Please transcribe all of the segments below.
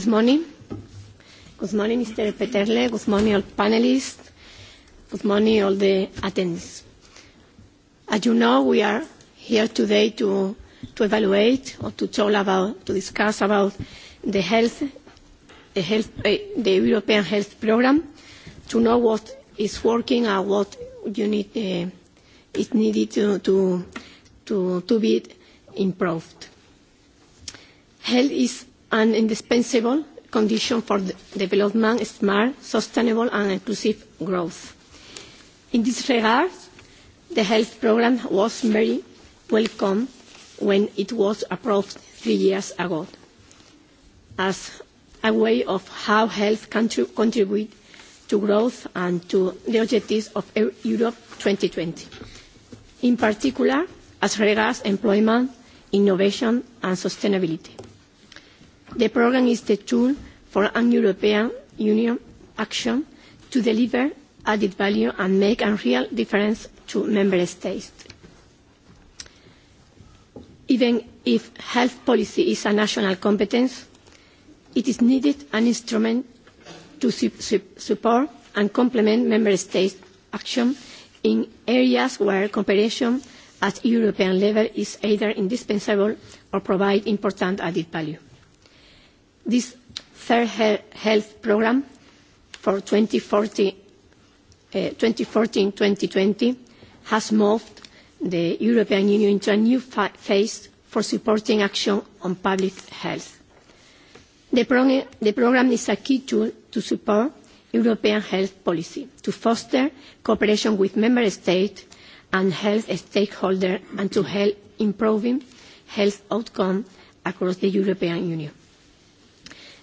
Good morning. Good morning, Mr. Peterle. Good morning, all panelists. Good morning, all the attendees. As you know, we are here today to, to evaluate or to talk about, to discuss about the health, the, health, uh, the European Health Programme, to know what is working and what you need, uh, is needed to, to, to, to be improved. Health is an indispensable condition for the development, of smart, sustainable and inclusive growth. In this regard, the health programme was very welcome when it was approved three years ago as a way of how health can contribute to growth and to the objectives of e-, Europe twenty. In particular, as regards employment, innovation and sustainability. The programme is the tool for an European Union action to deliver added value and make a real difference to member states. Even if health policy is a national competence, it is needed an instrument to su su support and complement member states' action in areas where cooperation at European level is either indispensable or provides important added value. This third health programme for 2014, uh, 2014-2020 has moved the European Union into a new phase for supporting action on public health. The, programme is a key tool to support European health policy, to foster cooperation with member states and health stakeholders, and to help improving health outcomes across the European Union.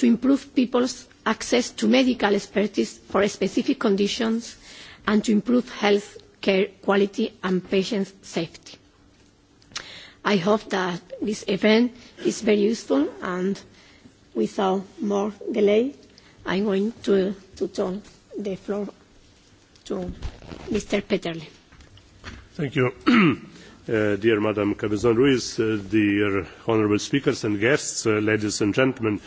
to improve people's access to medical expertise for specific conditions and to improve health care quality and patient safety. I hope that this event is very useful and without more delay, I'm going to, to turn the floor to Mr. Peterle. Thank you. uh, dear Madam Cabezon Ruiz, uh, dear honourable speakers and guests, uh, ladies and gentlemen, uh,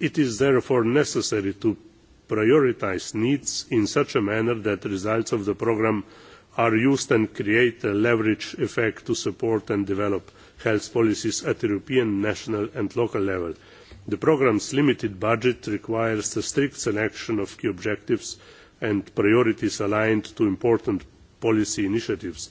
It is therefore necessary to prioritise needs in such a manner that the results of the programme are used and create a leverage effect to support and develop health policies at European, national and local level. The programme's limited budget requires the strict selection of key objectives and priorities aligned to important policy initiatives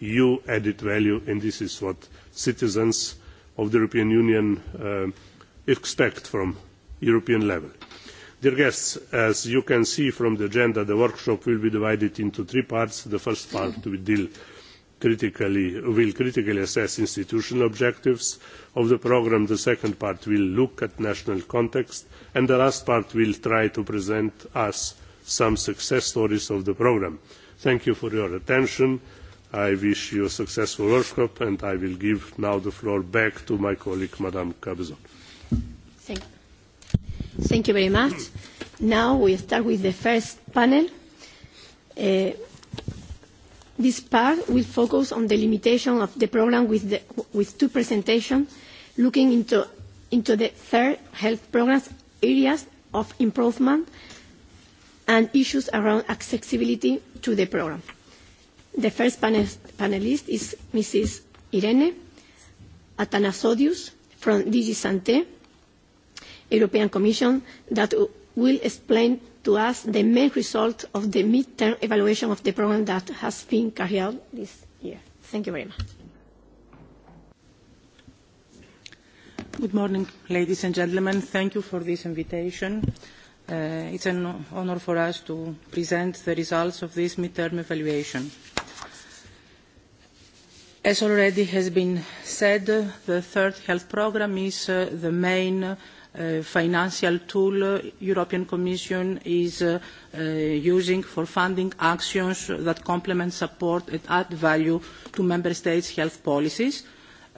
EU added value, and this is what citizens of the European Union uh, expect from European level. Dear guests, as you can see from the agenda, the workshop will be divided into three parts. The first part will deal critically, will critically assess institutional objectives of the programme. The second part will look at national context, and the last part will try to present us some success stories of the programme. Thank you for your attention. I wish you a successful workshop, and I will give now the floor back to my colleague, Madame Cabezon. Thank you. Thank you very much. Now we start with the first panel. Uh, this part will focus on the limitation of the program with, the, with two presentations, looking into, into the third health program's areas of improvement and issues around accessibility to the program. The first panelist is Mrs. Irene Athanasodius from DG Santé, European Commission, that will explain to us the main result of the mid-term evaluation of the program that has been carried out this year. Thank you very much. Good morning, ladies and gentlemen. Thank you for this invitation. Uh, it's an honor for us to present the results of this mid-term evaluation As already has been said, the third health programme is uh, the main uh, financial tool the European Commission is uh, uh, using for funding actions that complement, support and add value to Member States' health policies.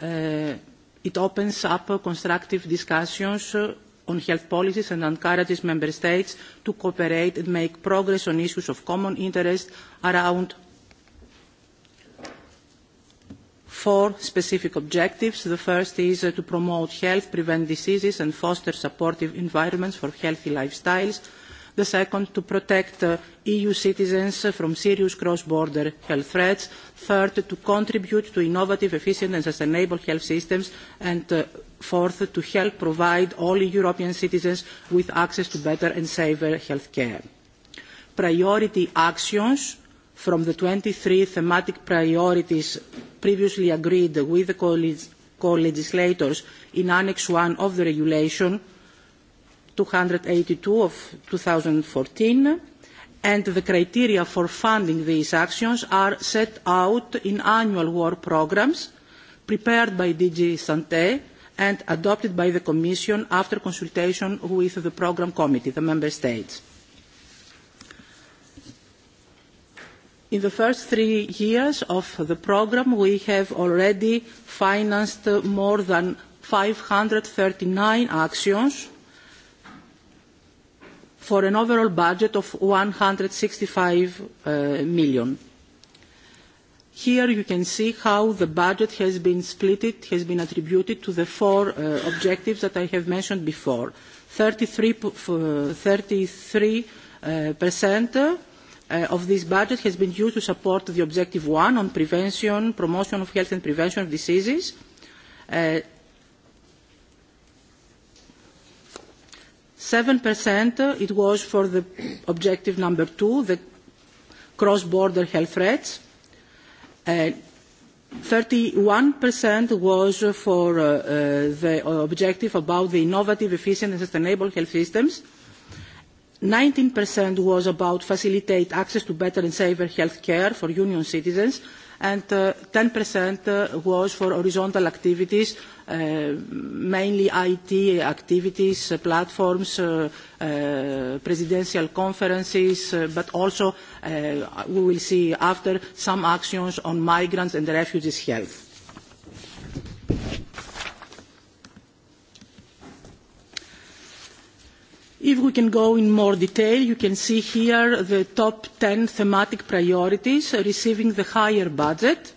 Uh, it opens up uh, constructive discussions on health policies and encourages Member States to cooperate and make progress on issues of common interest around four specific objectives. The first is uh, to promote health, prevent diseases and foster supportive environments for healthy lifestyles. The second, to protect uh, EU citizens uh, from serious cross-border health threats. Third, to contribute to innovative, efficient and sustainable health systems. And uh, fourth, to help provide all European citizens with access to better and safer health care. Priority actions from the twenty three thematic priorities previously agreed with the co-legislators in Annex I of the Regulation two hundred and eighty two of fourteen and the criteria for funding these actions are set out in annual work programmes prepared by DG Sante and adopted by the Commission after consultation with the Programme Committee, the Member States. In the first three years of the programme, we have already financed more than five hundred and thirty nine actions for an overall budget of EUR one hundred and sixty five uh, million. Here you can see how the budget has been split, has been attributed to the four uh, objectives that I have mentioned before. thirty three uh, uh Uh, of this budget has been used to support the objective one on prevention, promotion of health and prevention of diseases. Uh, 7% uh, it was for the objective number two, the cross-border health threats. Uh, 31% was for uh, uh, the objective about the innovative, efficient, and sustainable health systems. 19% was about facilitate access to better and safer health care for union citizens and uh, ten 10% uh, was for horizontal activities, uh, mainly IT activities, platforms, presidential conferences, but also we will see after some actions on migrants and refugees' health. If we can go in more detail, you can see here the top ten thematic priorities receiving the higher budget.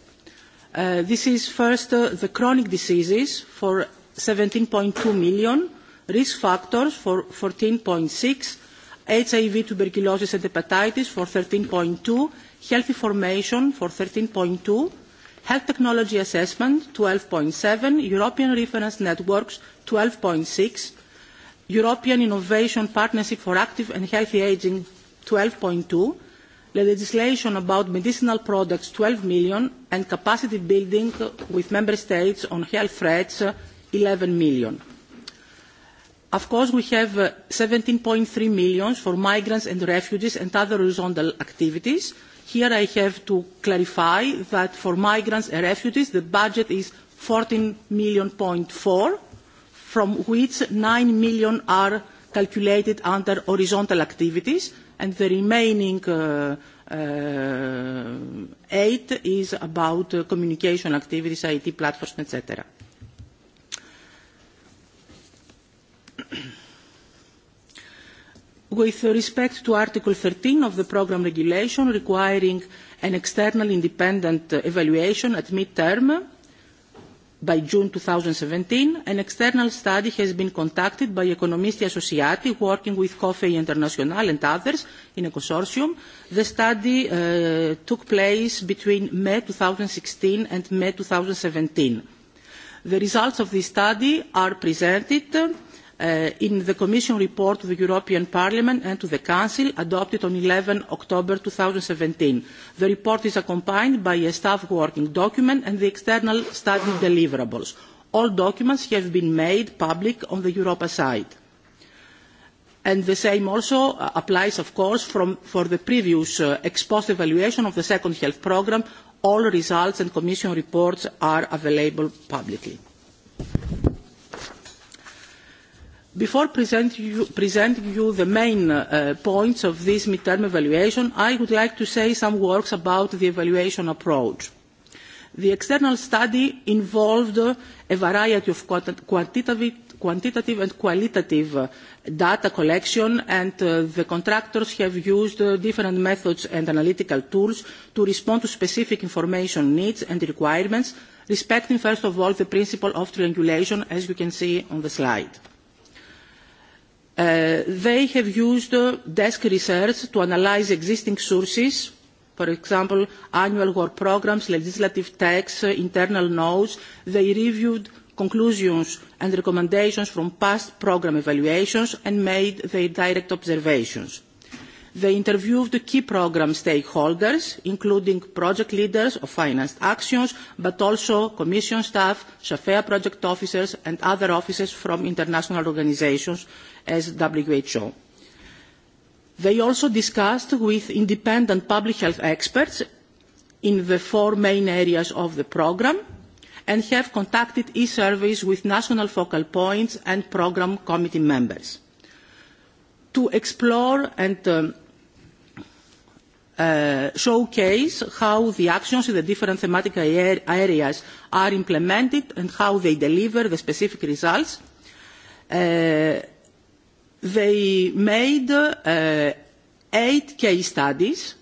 Uh, this is first uh, the chronic diseases for 17.2 million, risk factors for 14.6, HIV, tuberculosis and hepatitis for 13.2, healthy formation for 13.2, health technology assessment 12.7, European reference networks 12.6, European Innovation Partnership for Active and Healthy Aging 12.2, the legislation about medicinal products 12 million, and capacity building with member states on health threats 11 million. Of course, we have 17.3 uh, million for migrants and refugees and other horizontal activities. Here I have to clarify that for migrants and refugees, the budget is 14 million point four from which nine million are calculated under horizontal activities, and the remaining uh, uh, eight is about uh, communication activities, IT platforms, etc. With respect to Article 13 of the Programme Regulation requiring an external independent uh, evaluation at mid-term, by June seventeen, an external study has been conducted by Economisti Associati working with COFEI International and others in a consortium. The study uh, took place between May sixteen and May seventeen. The results of this study are presented Eh, in the Commission report to the European Parliament and to the Council adopted on 11 October seventeen. The report is accompanied by a staff working document and the external study deliverables. All documents have been made public on the Europa site. And the same also uh, applies, of course, from, for the previous uh, ex post evaluation of the second health programme. All results and Commission reports are available publicly. Before present you, presenting you the main uh, points of this midterm evaluation, I would like to say some words about the evaluation approach. The external study involved a variety of quantitative, quantitative and qualitative uh, data collection, and uh, the contractors have used uh, different methods and analytical tools to respond to specific information needs and requirements, respecting, first of all, the principle of triangulation, as you can see on the slide. Uh, they have used uh, desk research to analyse existing sources, for example, annual work programmes, legislative texts, uh, internal notes. They reviewed conclusions and recommendations from past programme evaluations and made their direct observations. They interviewed key programme stakeholders, including project leaders of financed actions, but also commission staff, SAFEA project officers and other officers from international organisations as WHO. They also discussed with independent public health experts in the four main areas of the programme and have contacted e-surveys with national focal points and programme committee members to explore and um, uh, showcase how the actions in the different thematic areas are implemented and how they deliver the specific results uh, They made uh, eight case studies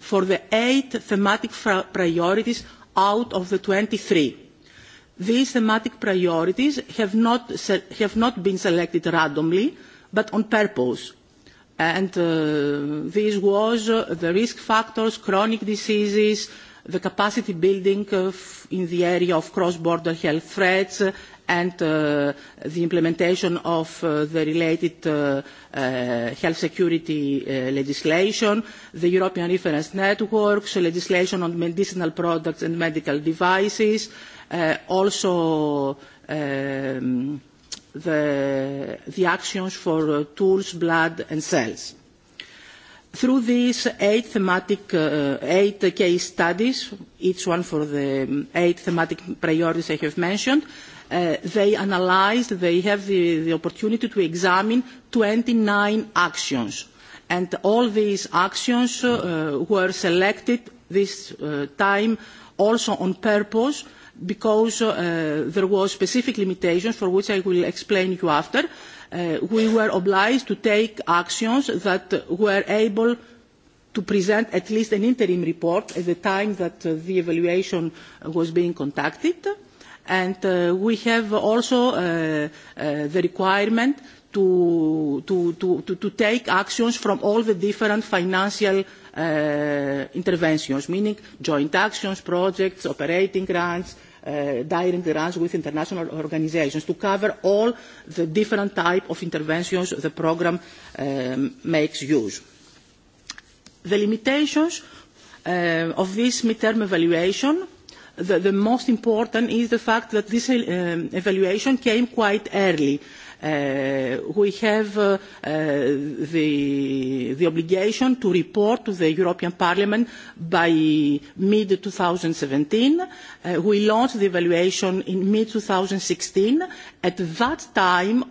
for the eight thematic priorities out of the twenty three. These thematic priorities have not, have not been selected randomly, but on purpose. And uh, this was uh, the risk factors, chronic diseases, the capacity building uh, in the area of cross-border health threats and uh, the implementation of uh, the related uh, uh health security uh, legislation, the European reference networks, legislation on medicinal products and medical devices, also um, the, the actions for tools, blood and cells. Through these eight thematic, uh, eight case studies, each one for the eight thematic priorities I have mentioned, uh, they analyzed, they have the, the opportunity to examine 29 actions. And all these actions uh, were selected this uh, time also on purpose because uh, there were specific limitations for which I will explain you after. Uh, uh, we were obliged to take actions that were able to present at least an interim report at the time that uh, the evaluation was being conducted. And uh, we have also uh, uh, the requirement to, to, to, to, take actions from all the different financial uh, interventions, meaning joint actions, projects, operating grants, uh, directly runs with international organizations to cover all the different type of interventions the program um, makes use. The limitations uh, of this midterm evaluation the, the most important is the fact that this uh, evaluation came quite early Uh, we have uh, the, the obligation to report to the European Parliament by mid-2017. Uh, we launched the evaluation in mid-2016. At that time,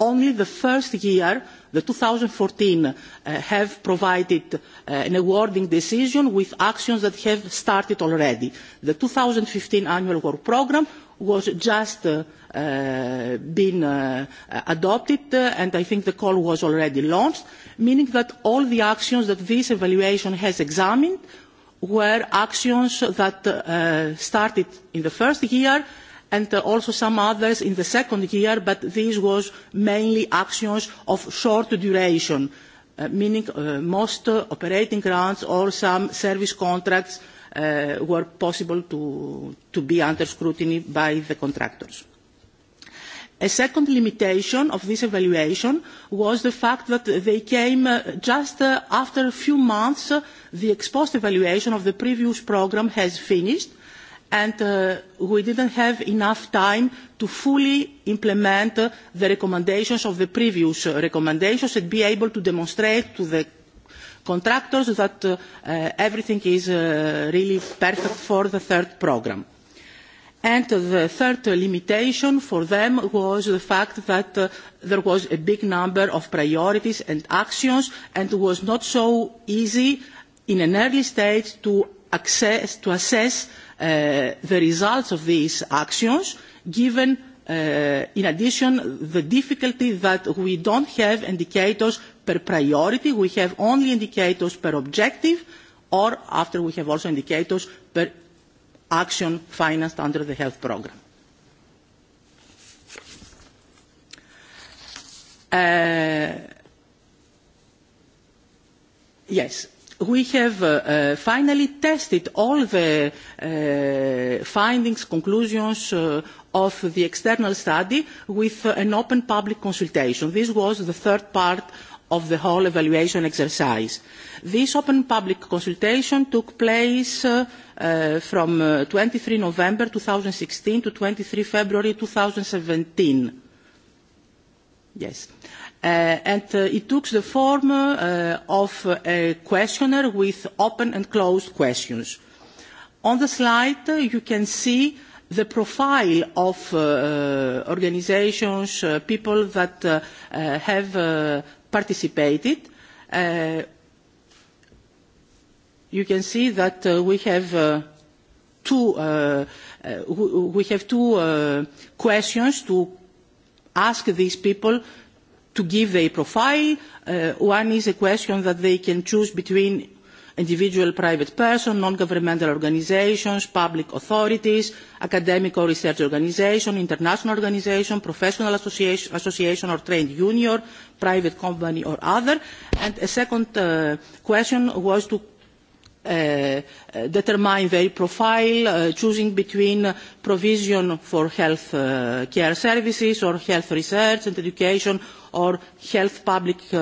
only the first year, the 2014, uh, have provided uh, an awarding decision with actions that have started already. The 2015 annual work programme was just uh, uh, been uh, adopted uh, and I think the call was already launched, meaning that all the actions that this evaluation has examined were actions that uh, started in the first year and uh, also some others in the second year, but this was mainly actions of short duration, uh, meaning uh, most operating grants or some service contracts uh, uh, were possible to, to be under scrutiny by the contractors. A second limitation of this evaluation was the fact that they came uh, just uh, after a few months uh, the ex-post evaluation of the previous programme has finished and we we didn't have enough time to fully implement the recommendations of the previous recommendations and be able to demonstrate to the contractors so that uh, uh, everything is uh, really perfect for the third programme. And the third limitation for them was the fact that uh, there was a big number of priorities and actions and it was not so easy in an early stage to, access, to assess uh, the results of these actions given uh, in addition the difficulty that we don't have indicators per priority. We have only indicators per objective, or after we have also indicators per action financed under the health programme. Uh, yes, we have uh, uh, finally tested all the uh, findings, conclusions uh, of the external study with uh, an open public consultation. This was the third part of the whole evaluation exercise. This open public consultation took place uh, uh, from uh, 23 November 2016 to 23 February 2017. Yes. Uh, and uh, it took the form uh, of a questionnaire with open and closed questions. On the slide, uh, you can see the profile of uh, organisations, uh, people that uh, uh have uh, participated. Uh, you can see that uh, we have uh, two, uh, uh, we have two uh, questions to ask these people to give their profile. Uh, one is a question that they can choose between individual private persons, non-governmental organisations, public authorities, academic or research organisations, international organisations, professional association, association or trade union, private company or other. And a second uh, question was to Uh, determine their profile, uh, choosing between provision for health uh, care services or health research and education or health public uh,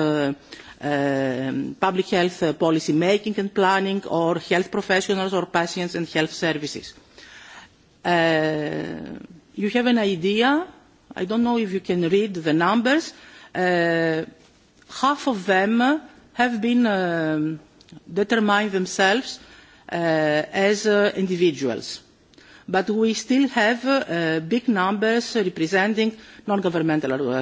Um, public health uh, policy making and planning or health professionals or patients and health services. Uh, you have an idea, I don't know if you can read the numbers, uh, half of them have been um, determined themselves uh, as uh, individuals but we still have uh, big numbers representing non-governmental uh,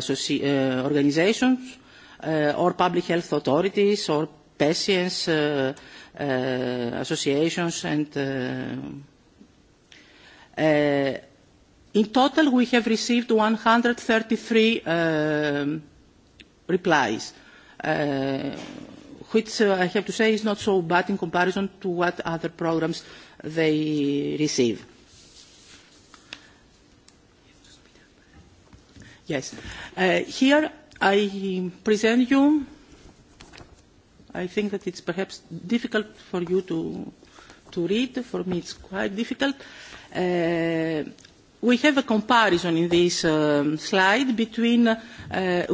organisations, uh, or public health authorities or patients uh, uh, associations and uh, uh, in total we have received 133 uh, um, replies uh, which uh, I have to say is not so bad in comparison to what other programs they receive. Yes. Uh, here i present you, I think that it's perhaps difficult for you to, to read, for me it's quite difficult. Uh, we have a comparison in this um, slide between uh,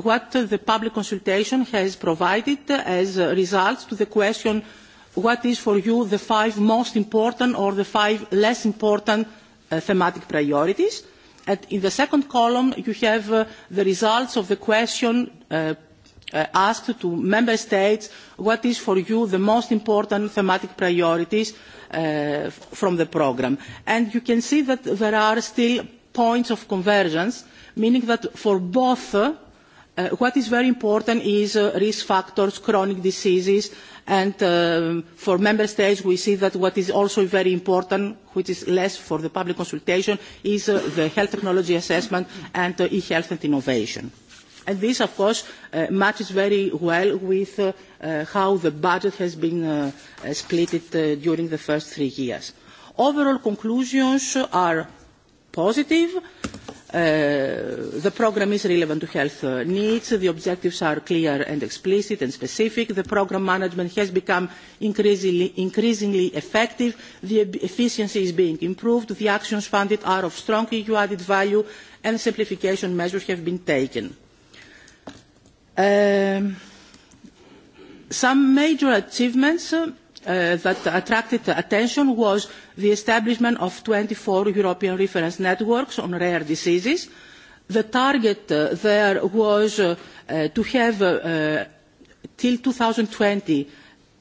what the public consultation has provided as results to the question what is for you the five most important or the five less important uh, thematic priorities At, in the second column, you have uh, the results of the question uh, uh, asked to member states, what is for you the most important thematic priorities uh, from the programme. And you can see that there are still points of convergence, meaning that for both uh, what is very important is uh, risk factors, chronic diseases, And um, for member states, we see that what is also very important, which is less for the public consultation, is uh, the health technology assessment and uh, e-health and innovation. And this, of course, uh, matches very well with uh, uh, how the budget has been uh, uh, split uh, during the first three years. Overall conclusions are positive Uh, the programme is relevant to health uh, needs. The objectives are clear and explicit and specific. The programme management has become increasingly, increasingly, effective. The e-, efficiency is being improved. The actions funded are of strong EU added value and simplification measures have been taken. Um, some major achievements uh, Uh, that attracted attention was the establishment of twenty four European reference networks on rare diseases. The target uh, there was uh, uh to have, uh, uh till 2020,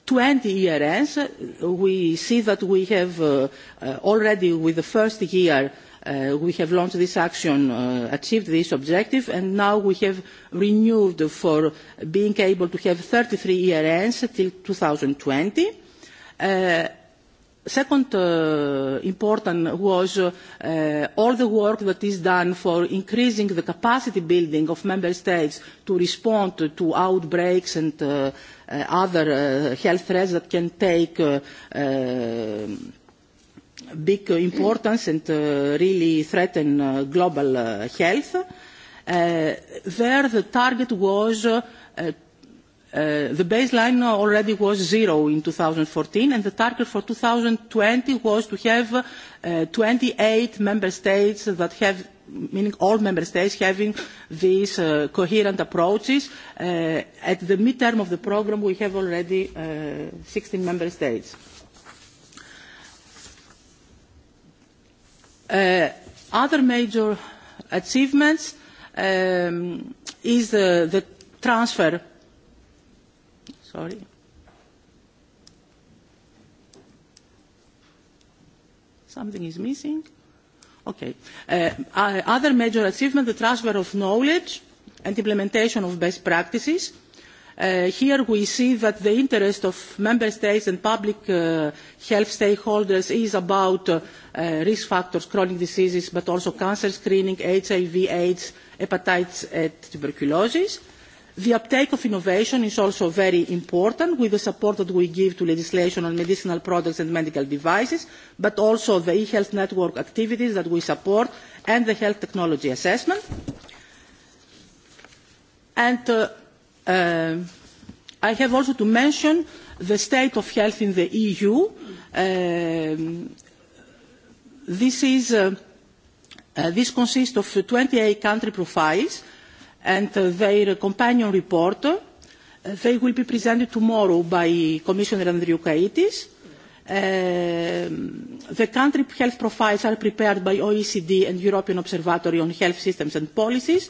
20 year ends. We see that we have uh, already, with the first year, we have launched this action, achieved this objective, and now we have renewed for being able to have thirty three year ends till 2020. Eh, second uh, important was uh, all the work that is done for increasing the capacity building of member states to respond to outbreaks and uh, uh, other uh, health threats that can take uh, uh, big importance and uh, really threaten uh, global uh, health. Uh, there the target was uh, Uh, the baseline already was zero in 2014, and the target for 2020 was to have uh, 28 member states that have, meaning all member states having these uh, coherent approaches. Uh, at the midterm of the program, we have already uh, 16 member states. Uh, other major achievements um, is uh, the transfer Sorry. Something is missing. Okay. Uh, uh, other major achievement, the transfer of knowledge and implementation of best practices. Uh, here we see that the interest of member states and public uh, health stakeholders is about uh, uh risk factors, chronic diseases, but also cancer screening, HIV, AIDS, hepatitis and tuberculosis. The uptake of innovation is also very important with the support that we give to legislation on medicinal products and medical devices, but also the e-health network activities that we support and the health technology assessment. And uh, uh, I have also to mention the state of health in the EU. Um, this, is, uh, uh, this consists of twenty eight country profiles and their companion report. Uh, they will be presented tomorrow by Commissioner Andriukaitis. Um, the country health profiles are prepared by OECD and European Observatory on Health Systems and Policies,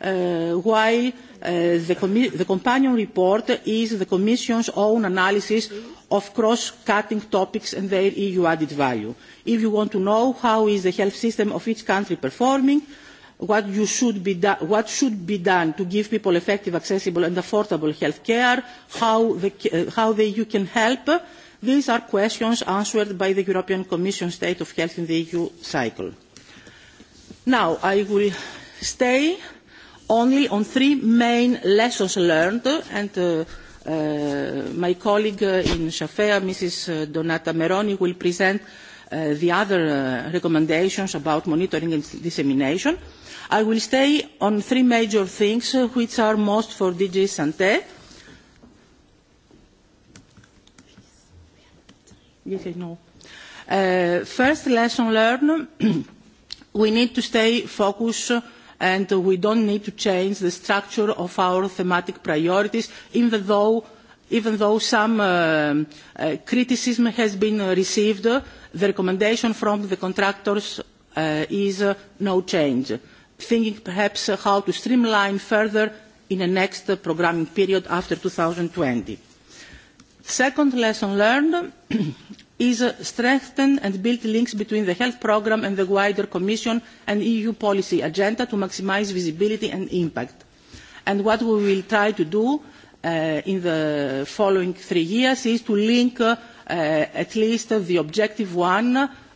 uh, while uh, the, the companion report is the Commission's own analysis of cross-cutting topics and their EU added value. If you want to know how is the health system of each country performing, uh, what, you should be what should be done to give people effective, accessible and affordable health care, how the, uh, how the EU can help. These are questions answered by the European Commission State of Health in the EU cycle. Now, I will stay only on three main lessons learned and uh, uh, my colleague uh, in Shafea, Mrs. Uh, Donata Meroni, will present uh, the other uh, recommendations about monitoring and dissemination. I will stay on three major things uh, which are most for DG Santé. Yes, no. Uh, first lesson learned, we need to stay focused and we don't need to change the structure of our thematic priorities, even though even though some uh, uh, criticism has been received, the recommendation from the contractors uh, is uh, no change thinking perhaps how to streamline further in the next programming period after twenty. Second lesson learned is strengthen and build links between the health programme and the wider Commission and EU policy agenda to maximise visibility and impact. And what we will try to do uh, in the following three years is to link uh, uh, at least the objective one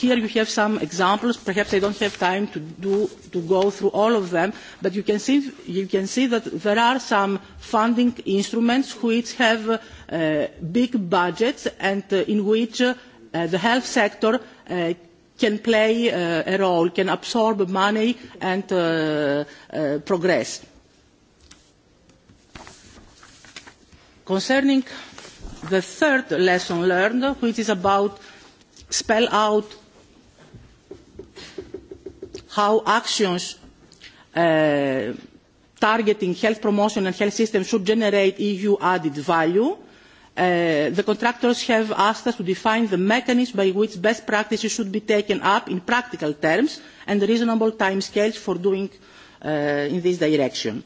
here you have some examples. Perhaps I don't have time to, do, to go through all of them, but you can, see, you can see that there are some funding instruments which have uh, big budgets and uh, in which uh, the health sector uh, can play uh, a role, can absorb money and uh, uh, progress. Concerning the third lesson learned, which is about spell out how actions uh, targeting health promotion and health systems should generate EU added value. Uh, the contractors have asked us to define the mechanism by which best practices should be taken up in practical terms and reasonable timescales for doing uh, in this direction.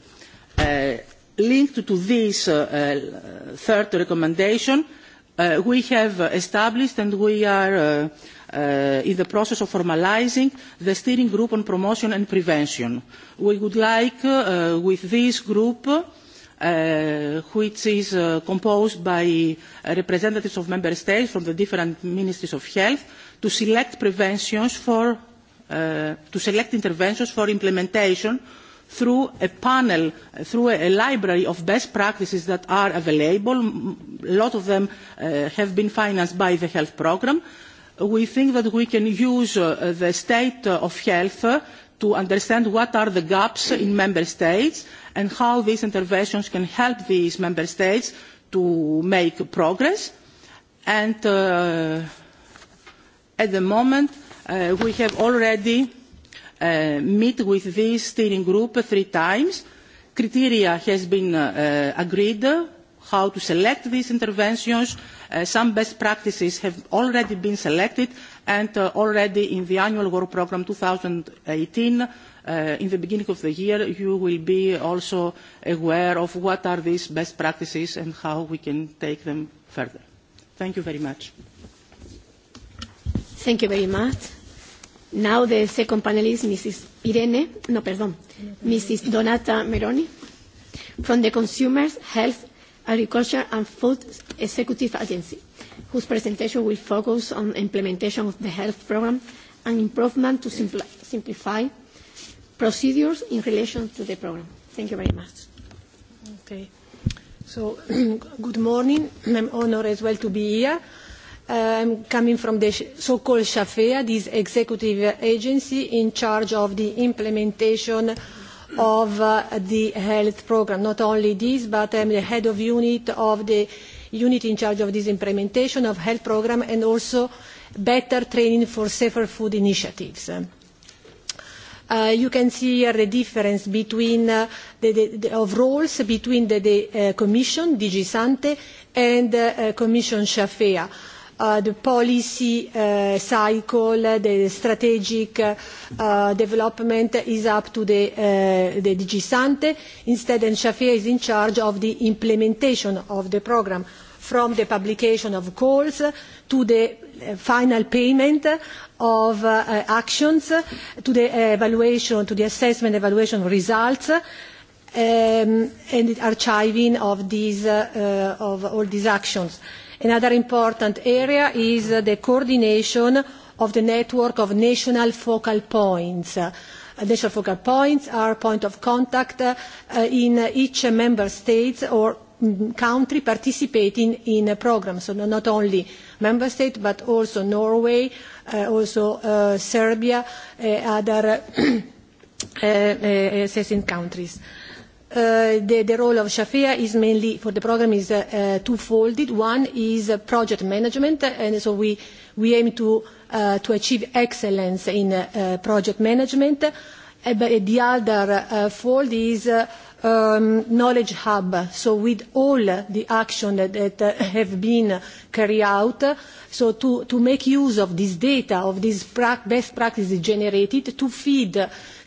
Uh, linked to this uh, uh, third recommendation, uh, we have established and we are uh, in the process of formalising the steering group on promotion and prevention. We would like, uh, with this group, uh, which is uh, composed by uh, representatives of member states from the different ministries of health, to select preventions for, uh, to select interventions for implementation through a panel, through a library of best practices that are available. A lot of them uh, have been financed by the health programme we think that we can use uh, the state uh, of health uh, to understand what are the gaps in member states and how these interventions can help these member states to make progress. And uh, at the moment, uh, we have already uh, met with this steering group three times. Criteria has been uh, agreed how to select these interventions. Uh, some best practices have already been selected and uh, already in the annual work programme eighteen, uh, in the beginning of the year, you will be also aware of what are these best practices and how we can take them further. Thank you very much. Thank you very much. Now the second panelist, Mrs. Irene, no, perdón, Mrs. Donata Meroni from the Consumers Health Agriculture and Food Executive Agency, whose presentation will focus on implementation of the health programme and improvement to simpl simplify procedures in relation to the programme. Thank you very much. Okay. So, good morning. I'm honored as well to be here. I'm coming from the so-called SHAFEA, this executive agency in charge of the implementation of uh, the health programme. Not only this, but I am um, the head of unit of the unit in charge of this implementation of health programme and also better training for safer food initiatives. Uh, you can see here the difference between uh, the, the, the, of roles between the, the uh, Commission, DG Sante, and uh, uh Commission Shafea Uh, the policy uh, cycle, the strategic uh, development is up to the, DG Sante. Instead, Shafia is in charge of the implementation of the programme from the publication of calls to the final payment of actions to the evaluation, to the assessment evaluation results um, and the archiving of all these actions. Another important area is uh, the coordination of the network of national focal points. Uh, national focal points are point of contact uh, in each member state or mm, country participating in a programme. So no, not only member states, but also Norway, also Serbia, and other assessing countries. Uh, the, the role of Shafia is mainly for the program is uh, uh One is uh, project management, and so we, we aim to, uh, to achieve excellence in uh, project management. but the other fold is um, knowledge hub, so with all the action that, that uh, have been carried out, so to, to make use of this data, of these pra best practices generated, to feed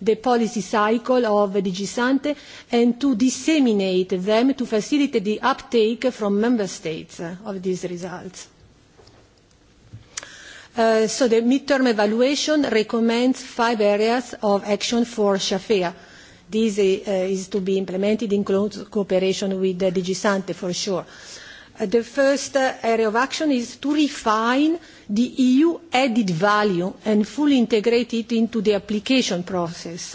the policy cycle of DigiSante and to disseminate them to facilitate the uptake from member states of these results. Uh, so the midterm evaluation recommends five areas of action for Shafea This uh, is to be implemented in close cooperation with uh, DG Sante for sure. Uh, the first area of action is to refine the EU added value and fully integrate it into the application process.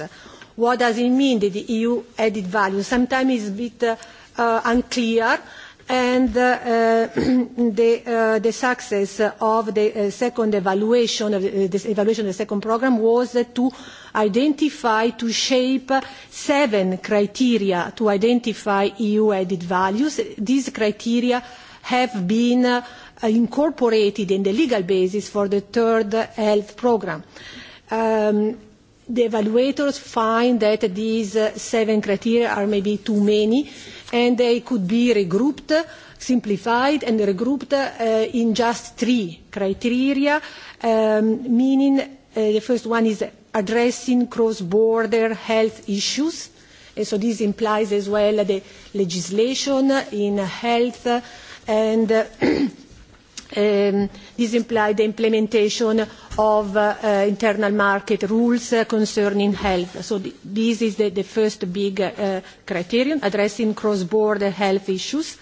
What does it mean, the EU added value? Sometimes it's a bit uh, uh, unclear, and uh, the, the success of the second evaluation, of the, the evaluation of the second programme was to identify, to shape seven criteria to identify EU added values. These criteria have been uh, incorporated in the legal basis for the third health programme. Um, the evaluators find that these uh, seven criteria are maybe too many and they could be regrouped simplified and regrouped uh, in just three criteria, um, meaning uh, the first one is addressing cross-border health issues. And so this implies as well the legislation in health and uh, um, this implies the implementation of uh, uh, internal market rules concerning health. So th this is the, the first big uh, criterion, addressing cross-border health issues.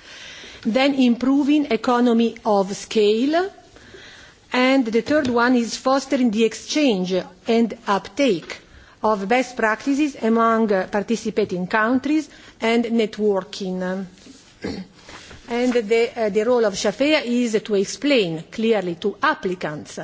Then improving economy of scale, And the third one is fostering the exchange and uptake of best practices among participating countries and networking. and the, uh, the role of Shafea is to explain clearly to applicants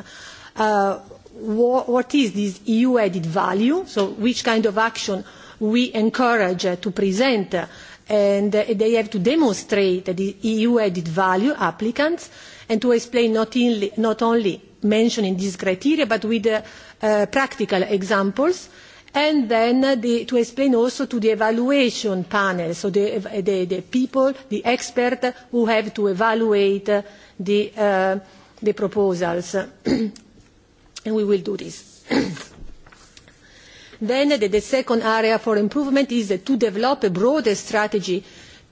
uh, wh what is this EU added value, so which kind of action we encourage uh, to present, uh, and uh, they have to demonstrate the EU added value applicants, and to explain not, in, not only mentioning these criteria but with uh, uh, practical examples and then the, to explain also to the evaluation panel, so the, the, the people, the experts who have to evaluate the, uh, the proposals. and we will do this. then the, the second area for improvement is to develop a broader strategy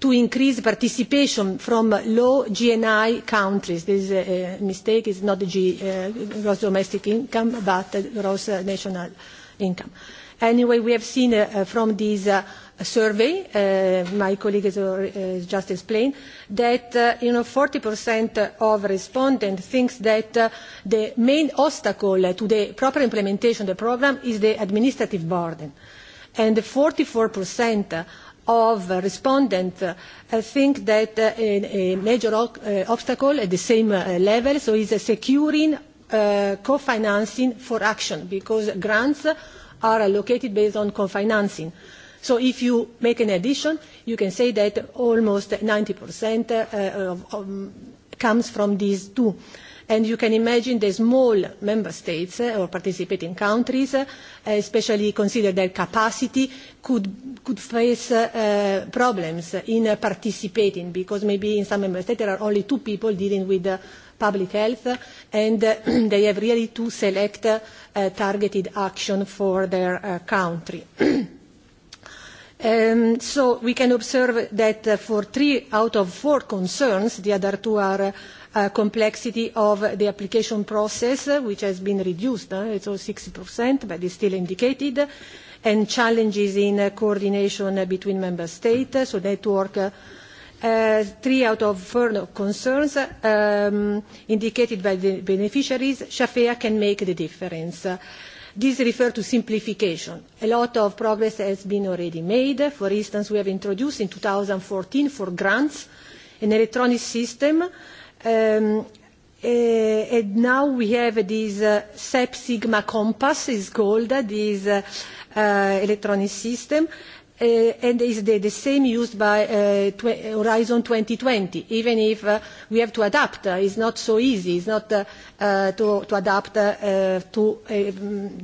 to increase participation from low GNI countries. This is a, mistake. It's not the G, uh, gross domestic income, but the uh, gross uh, national income. Anyway, we have seen from this survey, my colleague has just explained, that forty 40% of respondents think that the main obstacle to the proper implementation of the programme is the administrative burden. And 44% of respondents, uh, think that uh, a, major uh, obstacle at the same level so is securing co-financing for action because grants are allocated based on co-financing. So if you make an addition, you can say that almost 90% uh, of, um, comes from these two. Uh, And you can imagine the small member states eh, or participating countries, eh, especially consider their capacity, could, could face uh, problems in participating because maybe in some member states there are only two people dealing with public health and they have really to select targeted action for their country. Um, so we can observe that for three out of four concerns, the other two are Uh, complexity of the application process, uh, which has been reduced, uh, it's all 60%, but is still indicated, and challenges in uh, coordination between member states, so network three out of four no, concerns um, indicated by the beneficiaries, Shafea can make the difference. These this to simplification. A lot of progress has been already made. For instance, we have introduced in fourteen for grants an electronic system Um, uh, and now we have this uh, SEP Sigma Compass, is called uh, this uh, uh, electronic system, uh, and is the, the same used by uh, tw Horizon 2020, even if uh, we have to adapt. Uh, it's not so easy. It's not uh, uh, to, to adapt uh, to, uh,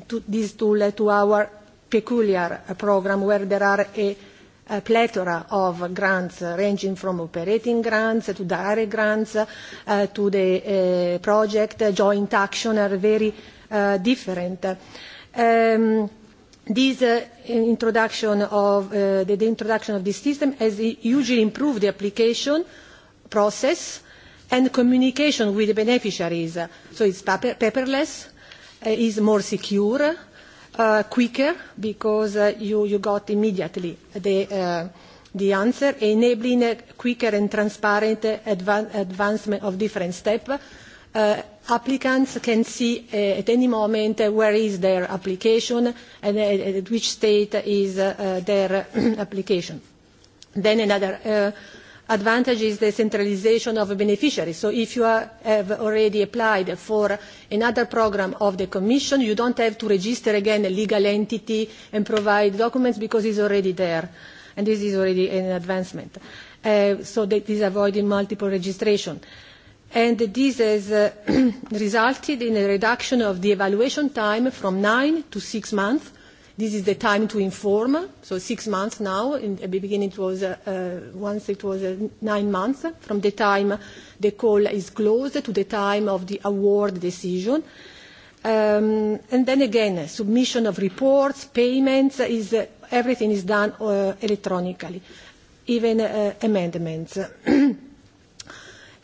to this tool uh, to our peculiar uh, program where there are a a plethora of grants uh, ranging from operating grants to direct grants uh, to the uh, project uh, joint action are very uh, different. Um, this uh, introduction of uh, the, the introduction of this system has hugely improved the application process and communication with the beneficiaries. So it's paper, paperless, uh, is more secure, Uh, quicker because uh, you, you got immediately the, uh, the answer, enabling a quicker and transparent adva- advancement of different steps. Uh, applicants can see uh, at any moment uh, where is their application and uh, at which state is uh, their application. Then another advantage is the centralisation of beneficiaries. So if you are, have already applied for another programme of the Commission, you don't have to register again a legal entity and provide documents because it's already there. And this is already an advancement. Uh, so that is avoiding multiple registration. And this has uh, resulted in a reduction of the evaluation time from nine to six months This is the time to inform, so six months now. In the beginning, it was uh, once it was uh, nine months from the time the call is closed to the time of the award decision. Um, and then again, submission of reports, payments, is, uh, everything is done uh, electronically, even uh, amendments.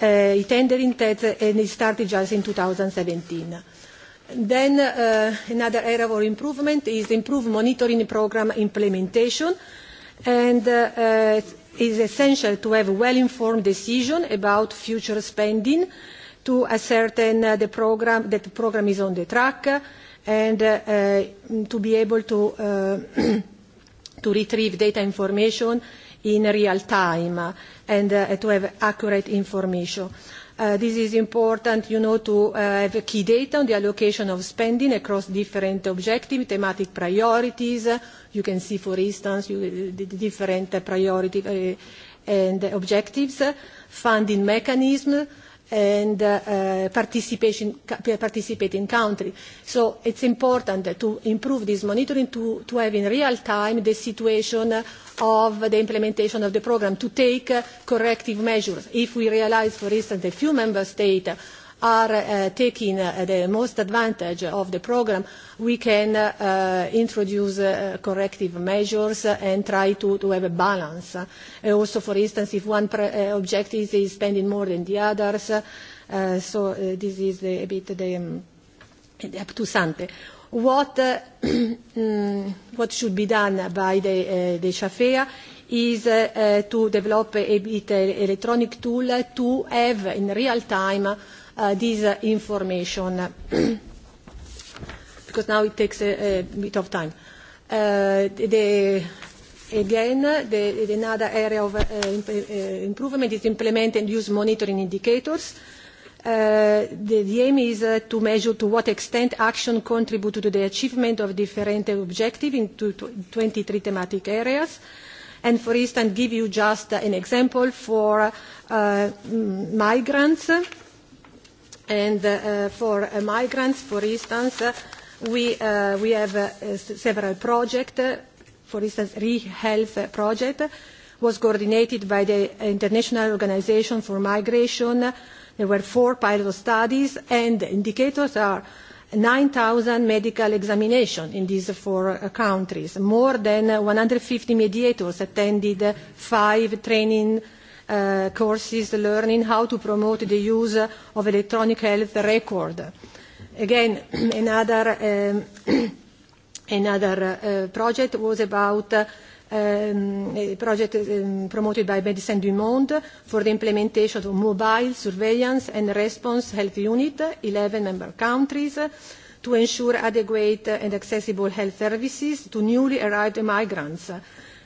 uh, tendering that and eh, it started just in 2017. Then uh, another area of improvement is improved monitoring program implementation and uh, uh, is essential to have well-informed decision about future spending to ascertain uh, the program, that the program is on the track uh, and uh, uh, to be able to, uh, to retrieve data information in real time and uh, to have accurate information. Uh, this is important, you know, to uh, have key data on the allocation of spending across different objectives, thematic priorities. You can see, for instance, you, the different priority uh, and objectives, funding mechanisms, and uh, uh, participation, participating country. So it's important to improve this monitoring to, to have in real time the situation of the implementation of the programme, to take uh, corrective measures. If we realise, for instance, a few member states are uh, taking uh, the most advantage of the programme, we can uh, introduce uh, corrective measures and try to, to have a balance. Uh, also, for instance, if one uh, objective is spending more than the others, so this is a bit the, um, the up to Sante. What, mm, what should be done by the, the Shafea is to develop a bit electronic tool to have in real time uh, this uh, information because now it takes a, a bit of time. Uh, the, again, the, the another area of uh, imp uh, improvement is implement and use monitoring indicators. Uh, the, the aim is uh, to measure to what extent action contributes to the achievement of different objectives in twenty three thematic areas. And for instance, give you just an example for uh, migrants. And uh, for uh, migrants, for instance, uh, we, uh, we have uh, s several projects, uh, for instance, ReHealth uh, project was coordinated by the International Organization for Migration. There were four pilot studies, and the indicators are 9,000 medical examinations in these four uh, countries. More than 150 uh, mediators attended uh, five training uh, courses learning how to promote the use of electronic health record. Again, another, um, another uh, project was about uh, um, a project um, promoted by Medicine du Monde for the implementation of mobile surveillance and response health unit, 11 member countries, to ensure adequate and accessible health services to newly arrived migrants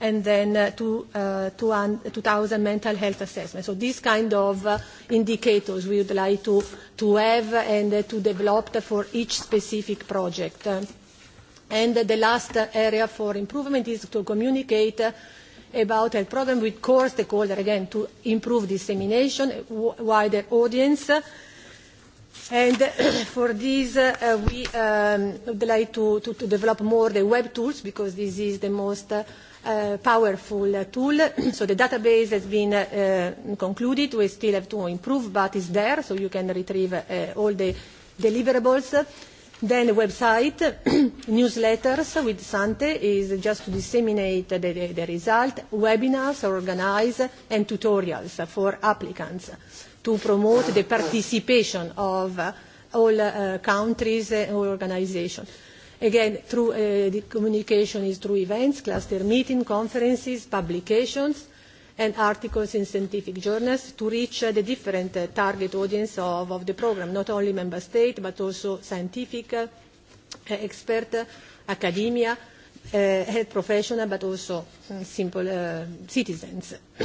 and then uh, to, uh, 2000 mental health assessment. So these kind of uh, indicators we would like to, to have and uh, to develop for each specific project. And uh, the last area for improvement is to communicate uh, about a problem with core stakeholders, again, to improve dissemination, wider audience, And for this, uh, we um, would like to, to, to develop more the web tools because this is the most uh, uh, powerful tool. so the database has been uh, concluded. We still have to improve, but it's there, so you can retrieve uh, all the deliverables. Then a website, newsletters with Sante is just to disseminate the, the, the result, webinars organized, and tutorials for applicants to promote the participation of all uh, countries and organizations. Again, through uh, the communication is through events, cluster meetings, conferences, publications, and articles in scientific journals to reach uh, the different uh, target audience of, of the program, not only member state, but also scientific uh, expert, uh, academia, uh, health professional, but also mm, simple uh, citizens.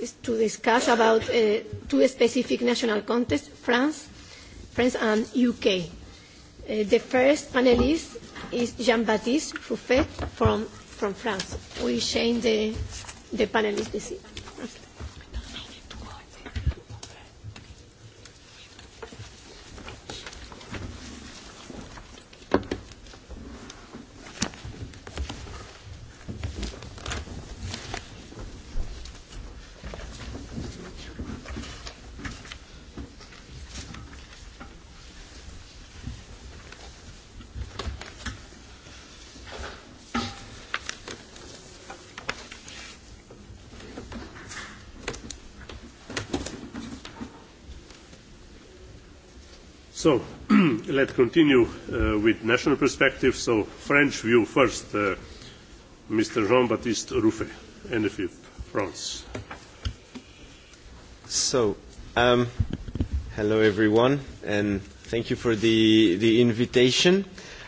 is to discuss about uh, two specific national contests, France, France and UK. Uh, the first panelist is Jean-Baptiste Ruffet from, from France. We change the, the panelist this evening. So let's continue uh, with national perspective. So French view first. Uh, Mr. Jean-Baptiste Ruffet, NFIP, France. So, um, hello everyone, and thank you for the, the invitation.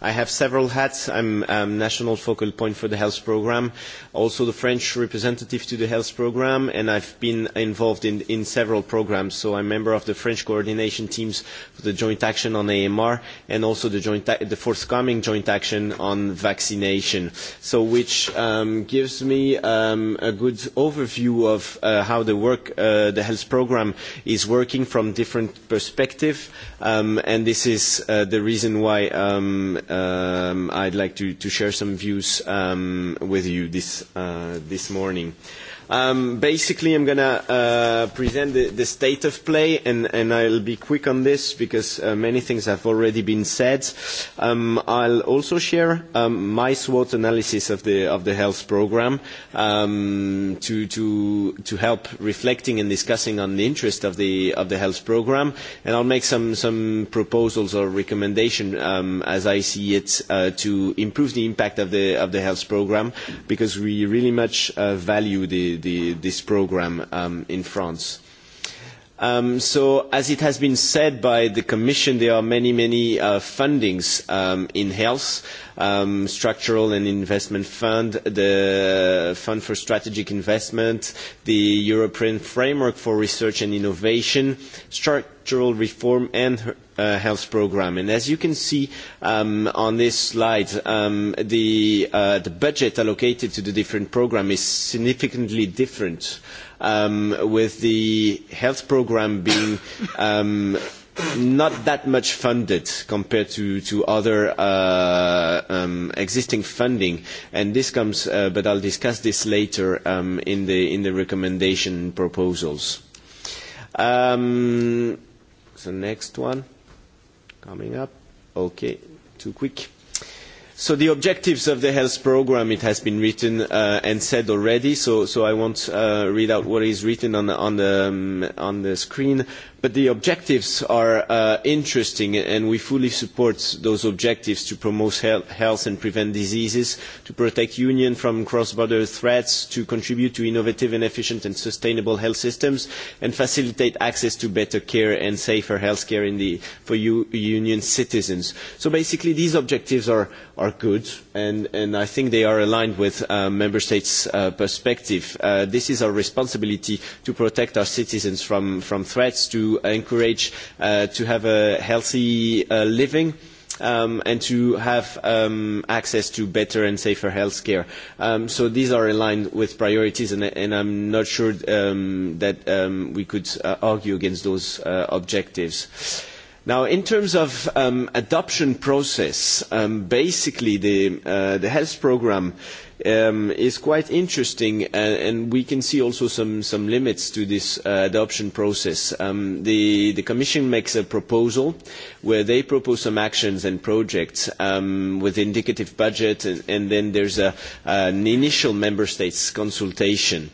i have several hats. I'm um, national focal point for the health programme, also the French representative to the health programme, and I've been involved in, in several programmes. So I'm a member of the French coordination teams for the joint action on AMR and also the, joint the forthcoming joint action on vaccination, so which um, gives me um, a good overview of uh, how the work, uh, the health programme is working from different perspectives, um, and this is uh, the reason why um, um, I'd like to, to share some views um, with you this, uh, this morning. Um, basically, I'm going to uh, present the, the state of play, and, and I'll be quick on this because uh, many things have already been said. Um, I'll also share um, my SWOT analysis of the, of the health program um, to, to, to help reflecting and discussing on the interest of the, of the health program, and I'll make some, some proposals or recommendations um, as I see it uh, to improve the impact of the, of the health program because we really much uh, value the, the, this programme um, in France. Um, so, as it has been said by the Commission, there are many, many uh, fundings um, in health, um, structural and investment fund, the Fund for Strategic Investment, the European Framework for Research and Innovation, Stru structural reform and uh, health programme. And as you can see um, on this slide, um, the, uh, the budget allocated to the different programmes is significantly different, um, with the health programme being um, not that much funded compared to, to other uh, um, existing funding. And this comes, uh, but I'll discuss this later um, in, the, in the recommendation proposals. Um, the next one coming up. Okay, too quick. So the objectives of the health programme, it has been written uh, and said already, so, so I won't uh, read out what is written on the, on the, um, on the screen. But the objectives are uh, interesting, and we fully support those objectives to promote health and prevent diseases, to protect union from cross-border threats, to contribute to innovative and efficient and sustainable health systems, and facilitate access to better care and safer health care for U union citizens. So basically, these objectives are, are good and, and I think they are aligned with uh, member states' uh, perspective. Uh, this is our responsibility to protect our citizens from, from threats, to encourage uh, to have a healthy uh, living. Um, and to have um, access to better and safer health care. Um, so these are aligned with priorities, and, and I'm not sure um, that um, we could uh, argue against those uh, objectives. Now, in terms of um, adoption process, um, basically the, uh, the health programme um, is quite interesting, uh, and we can see also some, some limits to this uh, adoption process. Um, the, the Commission makes a proposal where they propose some actions and projects um, with indicative budget, and, and then there's a, an initial member states consultation.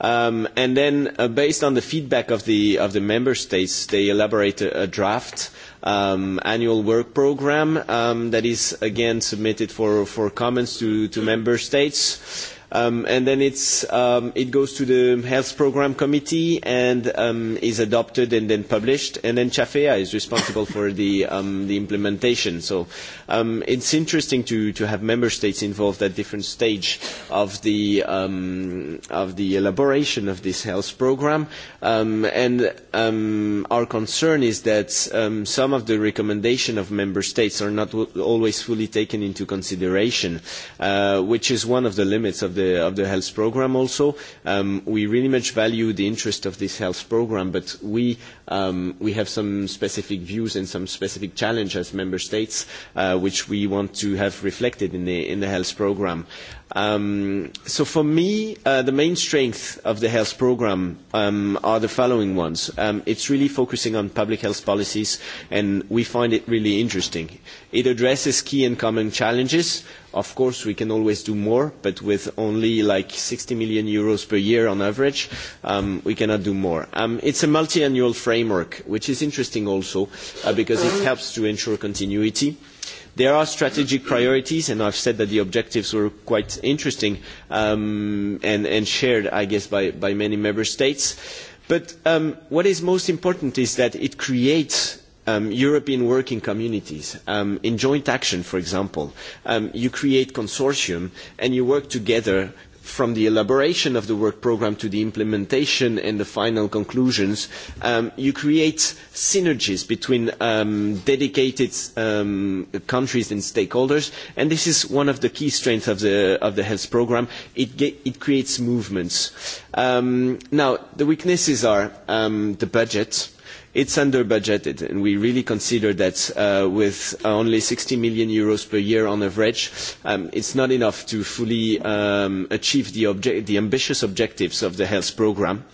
Um, and then, uh, based on the feedback of the, of the member states, they elaborate a, a draft um, annual work programme um, that is again submitted for, for comments to, to member states. Um, and then um, it goes to the health Programme committee and um, is adopted and then published. And then CHAFEA is responsible for the, um, the implementation. So um, it is interesting to, to, have member states involved at different stages of the, um, of the elaboration of this health Programme. and our concern is that some of the recommendations of member states are not always fully taken into consideration, uh, which is one of the limits of of the, of the health programme also. Um, we really much value the interest of this health programme, but we, um, we have some specific views and some specific challenges as member states, uh, which we want to have reflected in the, in the health programme. Um, so for me, uh, the main strength of the health programme um, are the following ones. Um, it's really focusing on public health policies, and we find it really interesting. It addresses key and common challenges Of course, we can always do more, but with only like 60 million euros per year on average, um, we cannot do more. Um, it's a multi-annual framework, which is interesting also uh, because it helps to ensure continuity. There are strategic priorities, and I've said that the objectives were quite interesting um, and, and shared, I guess, by, by many member states. But um, what is most important is that it creates um, European working communities. Um, in joint action, for example, um, you create consortium and you work together from the elaboration of the work programme to the implementation and the final conclusions, um, you create synergies between um, dedicated um, countries and stakeholders, and this is one of the key strengths of the, of the health programme. It, it, creates movements. Um, now, the weaknesses are um, the budget It's under budgeted, and we really consider that uh, with only 60 million euros per year on average, um, it's not enough to fully um, achieve the, the ambitious objectives of the health programme.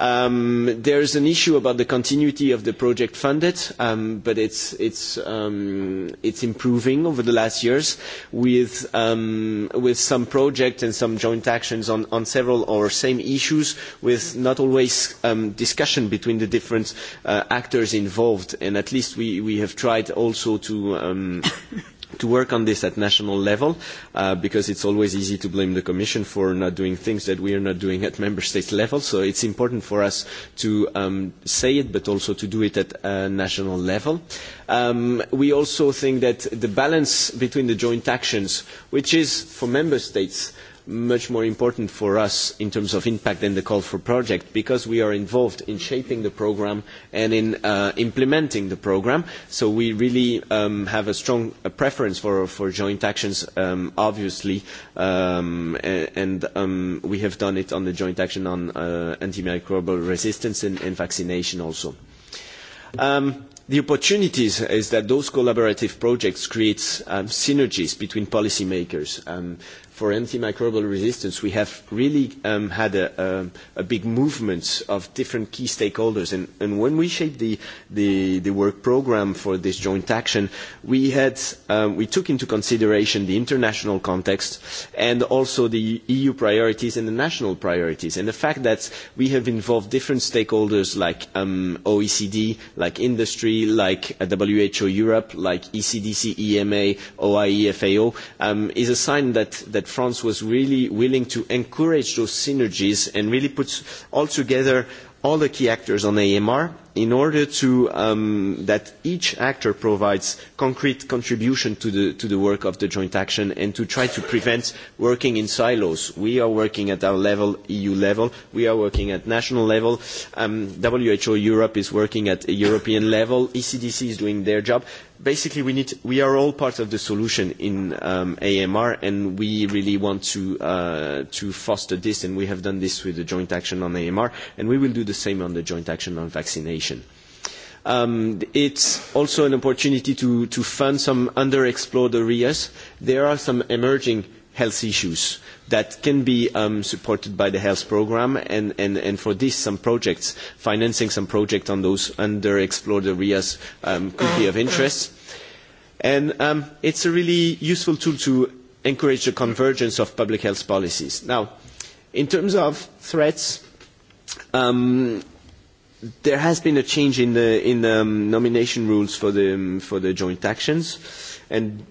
Um, there is an issue about the continuity of the project funded, um, but it's, it's, um, it's improving over the last years with, um, with some projects and some joint actions on, on several or same issues with not always um, discussion between the different uh, actors involved. And at least we, we have tried also to... Um, to work on this at national level uh, because it's always easy to blame the Commission for not doing things that we are not doing at member state level. So it's important for us to um, say it but also to do it at national level. Um, we also think that the balance between the joint actions, which is for member states, much more important for us in terms of impact than the call for project because we are involved in shaping the programme and in uh, implementing the programme. So we really um, have a strong preference for, for joint actions, um, obviously, um, and, um, we have done it on the joint action on uh, antimicrobial resistance and, and vaccination also. Um, the opportunities is that those collaborative projects create um, synergies between policymakers. Um, for antimicrobial resistance, we have really um, had a, a, a big movement of different key stakeholders. And, and when we shaped the, the, the work program for this joint action, we, had, um, we took into consideration the international context and also the EU priorities and the national priorities. And the fact that we have involved different stakeholders like um, OECD, like industry, like uh, WHO Europe, like ECDC, EMA, OIE, FAO, um, is a sign that, that France was really willing to encourage those synergies and really put all together all the key actors on AMR in order to, um, that each actor provides concrete contribution to the, to the work of the joint action and to try to prevent working in silos. We are working at our level, EU level. We are working at national level. Um, WHO Europe is working at a European level. ECDC is doing their job. Basically, we, need, we are all part of the solution in um, AMR, and we really want to, uh, to foster this, and we have done this with the joint action on AMR, and we will do the same on the joint action on vaccination Commission. Um, it's also an opportunity to, to fund some underexplored areas. There are some emerging health issues that can be um, supported by the health programme and, and, and for this some projects, financing some projects on those underexplored areas um, could be of interest. And um, it's a really useful tool to encourage the convergence of public health policies. Now, in terms of threats, um, there has been a change in the in the um, nomination rules for the um, for the joint actions, and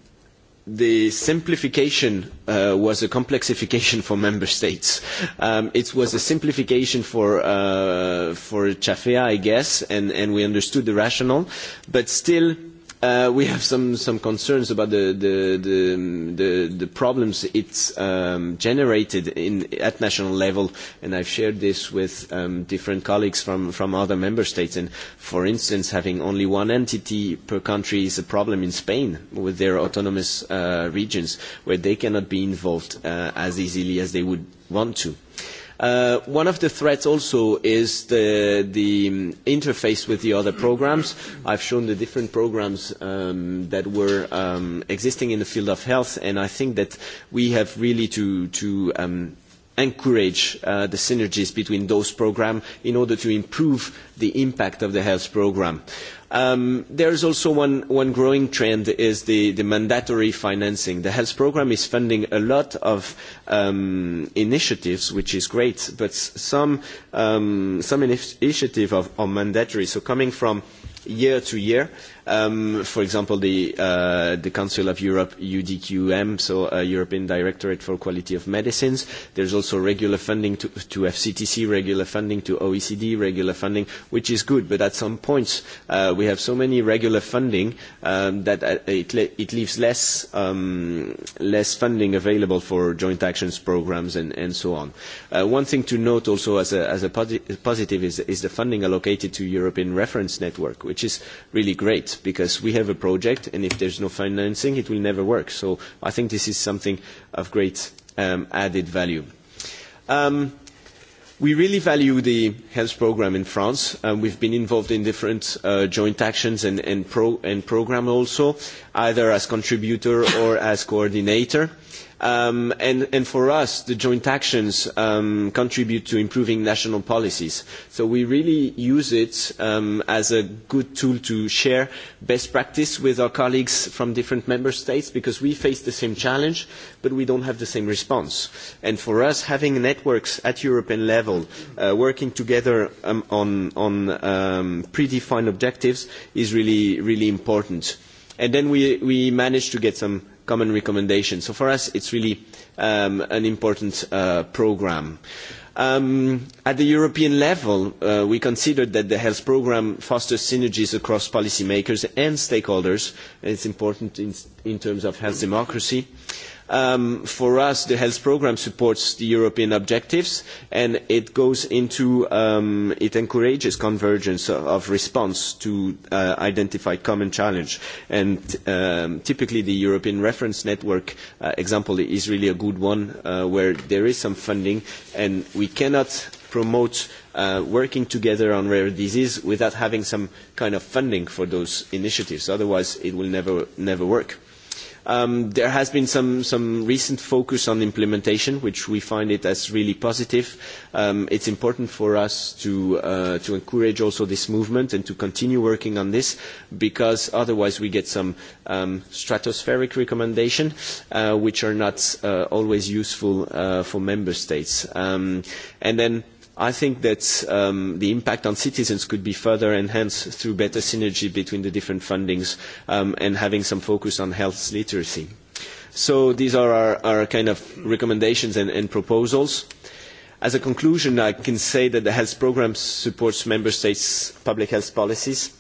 the simplification uh, was a complexification for member states. Um, it was a simplification for uh, for Chafea, I guess, and and we understood the rationale, but still Uh, we have some, some concerns about the, the, the, the, the problems it's um, generated in, at national level, and I've shared this with um, different colleagues from, from other member states. And for instance, having only one entity per country is a problem in Spain with their autonomous uh, regions, where they cannot be involved uh, as easily as they would want to. Uh, Uh, one of the threats also is the, the interface with the other programs. I've shown the different programs um, that were um, existing in the field of health, and I think that we have really to, to um, encourage uh, the synergies between those programs in order to improve the impact of the health programme. Um, there is also one, one growing trend is the, the, mandatory financing. The health programme is funding a lot of um, initiatives, which is great, but some, um, some initiatives are, are mandatory. So coming from year to year, Um, for example, the, uh, the Council of Europe, UDQM, so uh, European Directorate for Quality of Medicines. There's also regular funding to, to FCTC, regular funding to OECD, regular funding, which is good. But at some points, uh, we have so many regular funding um, that uh, it, le it leaves less, um, less funding available for joint actions programs and, and so on. Uh, one thing to note also as a, as a posi positive is, is the funding allocated to European Reference Network, which is really great because we have a project, and if there's no financing, it will never work. So I think this is something of great um, added value. Um, we really value the health programme in France. Um, we've been involved in different uh, joint actions and, and, pro, and also, either as contributor or as coordinator. Um, and, and, for us, the joint actions um, contribute to improving national policies. So we really use it um, as a good tool to share best practice with our colleagues from different member states because we face the same challenge, but we don't have the same response. And for us, having networks at European level uh, working together um, on, on um, predefined objectives is really, really important. And then we, we managed to get some common recommendation. So for us, it's really um, an important uh, programme. Um, at the European level, uh, we considered that the health programme fosters synergies across policymakers and stakeholders. And it's important in, in terms of health democracy. Um, for us, the health programme supports the European objectives, and it goes into um, it encourages convergence of, of response to uh, identify common challenge. And um, typically, the European Reference Network uh, example is really a good one, uh, where there is some funding, and we cannot promote uh, working together on rare disease without having some kind of funding for those initiatives. Otherwise, it will never, never work. Um, there has been some, some recent focus on implementation, which we find it as really positive. Um, it's important for us to, uh, to encourage also this movement and to continue working on this, because otherwise we get some um, stratospheric recommendations, uh, which are not uh, always useful uh, for member states. Um, and then i think that um, the impact on citizens could be further enhanced through better synergy between the different fundings um, and having some focus on health literacy. So these are our, our kind of recommendations and, and proposals. As a conclusion, I can say that the health programme supports member states' public health policies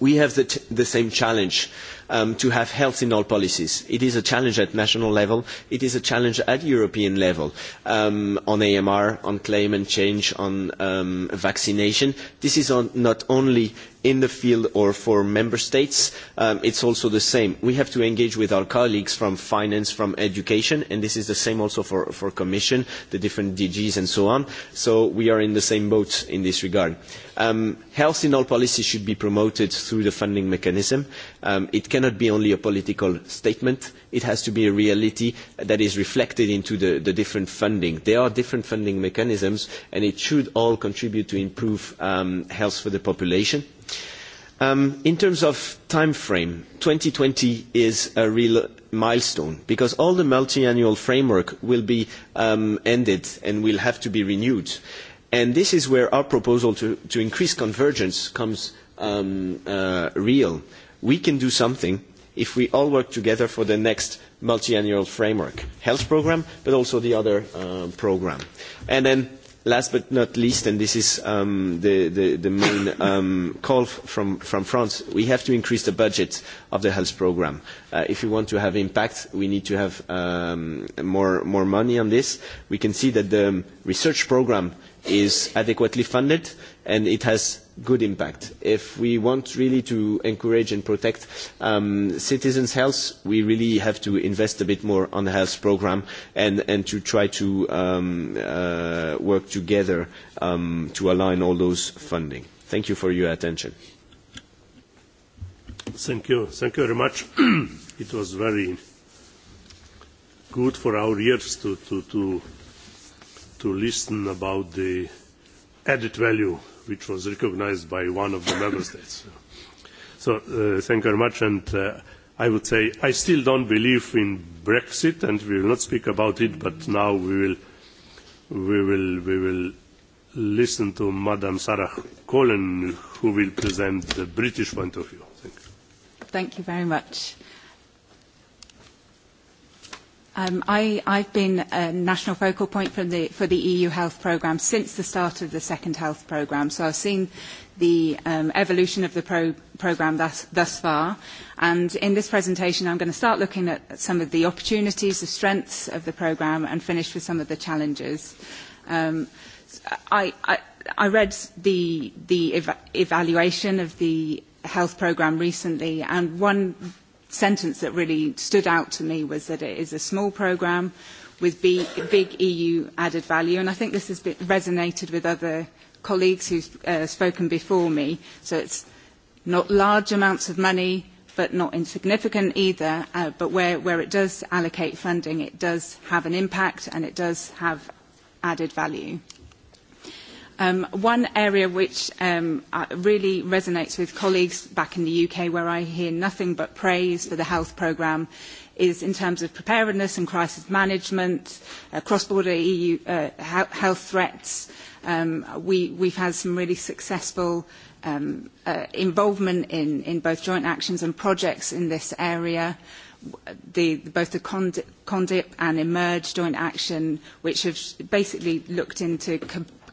we have the, the same challenge um, to have health in all policies. It is a challenge at national level. It is a challenge at European level um, on AMR, on climate change, on um, vaccination. This is on, not only in the field or for member states, um, it's also the same. We have to engage with our colleagues from finance, from education, and this is the same also for, for commission, the different DGs and so on. So we are in the same boat in this regard. Um, health in all policies should be promoted through the funding mechanism. Um, it cannot be only a political statement. It has to be a reality that is reflected into the, the different funding. There are different funding mechanisms, and it should all contribute to improve um, health for the population Um, in terms of time frame, 2020 is a real milestone because all the multiannual framework will be um, ended and will have to be renewed. And this is where our proposal to, to increase convergence comes um, uh, real. We can do something if we all work together for the next multiannual framework health programme, but also the other uh, programme. And then Last but not least, and this is um, the, the, the main um, call from, from France, we have to increase the budget of the health programme. Uh, if we want to have impact, we need to have um, more, more money on this. We can see that the um, research programme is adequately funded, and it has good impact. If we want really to encourage and protect um, citizens' health, we really have to invest a bit more on the health programme and, and to try to um, uh, work together um, to align all those funding. Thank you for your attention. Thank you. Thank you very much. it was very good for our ears to, to, to, to listen about the added value which was recognised by one of the member states. So uh, thank you very much. And uh, I would say I still don't believe in Brexit, and we will not speak about it. But now we will, we will, we will listen to Madam Sarah Colin, who will present the British point of view. Thank you. Thank you very much. Um, I, I've been a national focal point from the, for the EU Health Programme since the start of the second health programme, so I've seen the um, evolution of the pro programme thus, thus far. And in this presentation, I'm going to start looking at some of the opportunities, the strengths of the programme, and finish with some of the challenges. Um, I, I, I read the, the ev evaluation of the health programme recently, and one sentence that really stood out to me was that it is a small programme with big EU added value. And I think this has been resonated with other colleagues who have uh, spoken before me. So it's not large amounts of money, but not insignificant either. Uh, but where, where it does allocate funding, it does have an impact and it does have added value. Um, one area which um, really resonates with colleagues back in the UK, where I hear nothing but praise for the health programme, is in terms of preparedness and crisis management, uh, cross-border EU uh, health threats. Um, we, we've had some really successful um, uh, involvement in, in both joint actions and projects in this area. The, both the CONDIP and EMERGE joint action, which have basically looked into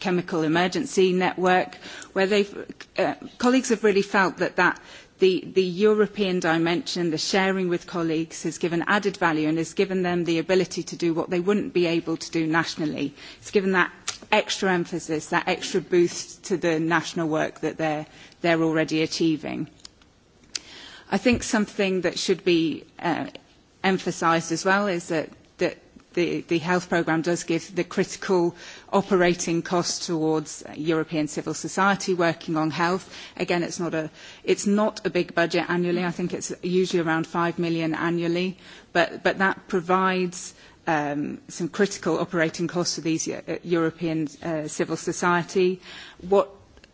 chemical emergency network, where they've, uh, colleagues have really felt that, that the, the European dimension, the sharing with colleagues has given added value and has given them the ability to do what they wouldn't be able to do nationally. It's given that extra emphasis, that extra boost to the national work that they're, they're already achieving. I think something that should be uh, emphasised as well is that the, the health programme does give the critical operating costs towards European civil society working on health. Again, it's not a, it's not a big budget annually. I think it's usually around five million annually, but, but that provides um, some critical operating costs for these uh, European uh, civil society. What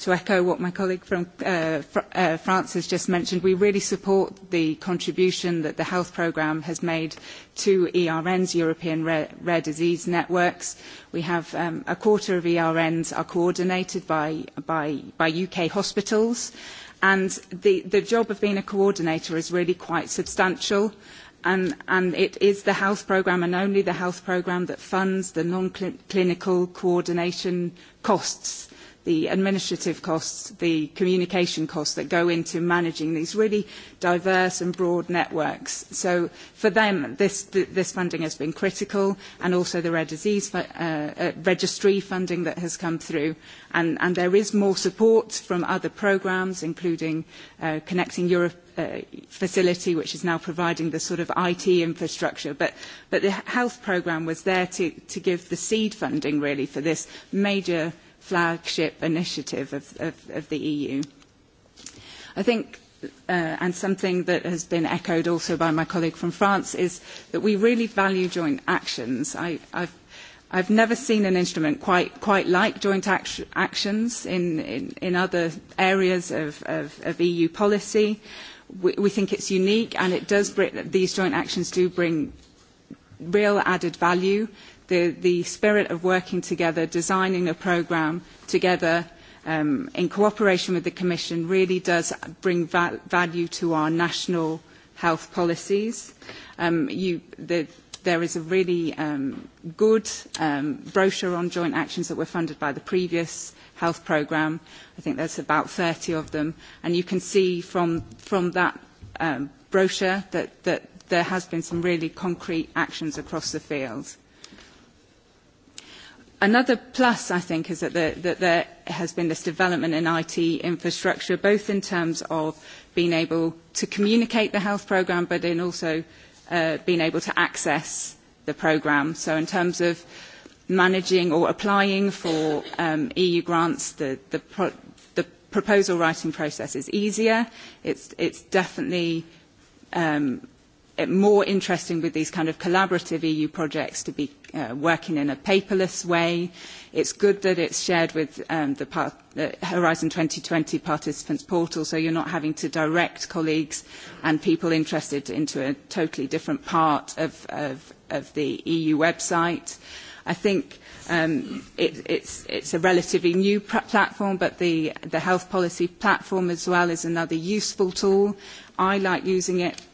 to echo what my colleague from uh, uh, France has just mentioned, we really support the contribution that the health programme has made to ERNs, European Rare, Rare Disease Networks. We have um, a quarter of ERNs are coordinated by, by, by UK hospitals, and the, the job of being a coordinator is really quite substantial. And, and it is the health programme and only the health programme that funds the non-clinical coordination costs the administrative costs, the communication costs that go into managing these really diverse and broad networks. So for them, this, this funding has been critical, and also the rare disease uh, uh, registry funding that has come through. And, and there is more support from other programmes, including uh, Connecting Europe Uh, facility which is now providing the sort of IT infrastructure. But, but the health programme was there to, to give the seed funding really for this major flagship initiative of, of, of the EU. I think Uh, and something that has been echoed also by my colleague from France is that we really value joint actions. I, I've, I've never seen an instrument quite, quite like joint act actions in, in, in other areas of, of, of EU policy. We, we think it's unique and it does bring, these joint actions do bring real added value the, the spirit of working together, designing a programme together um, in cooperation with the Commission really does bring va value to our national health policies. Um, you, the, there is a really um, good um, brochure on joint actions that were funded by the previous health programme. I think there's about 30 of them. And you can see from, from that um, brochure that, that there has been some really concrete actions across the field. Another plus, I think, is that, the, that there has been this development in IT infrastructure, both in terms of being able to communicate the health programme, but in also uh, being able to access the programme. So in terms of managing or applying for um, EU grants, the, the, pro the proposal writing process is easier. It's, it's definitely um, Uh, more interesting with these kind of collaborative EU projects to be uh, working in a paperless way. It's good that it's shared with um, the part, uh, Horizon 2020 participants portal, so you're not having to direct colleagues and people interested into a totally different part of, of, of the EU website. I think um, it, it's, it's a relatively new platform, but the, the health policy platform as well is another useful tool. I like using it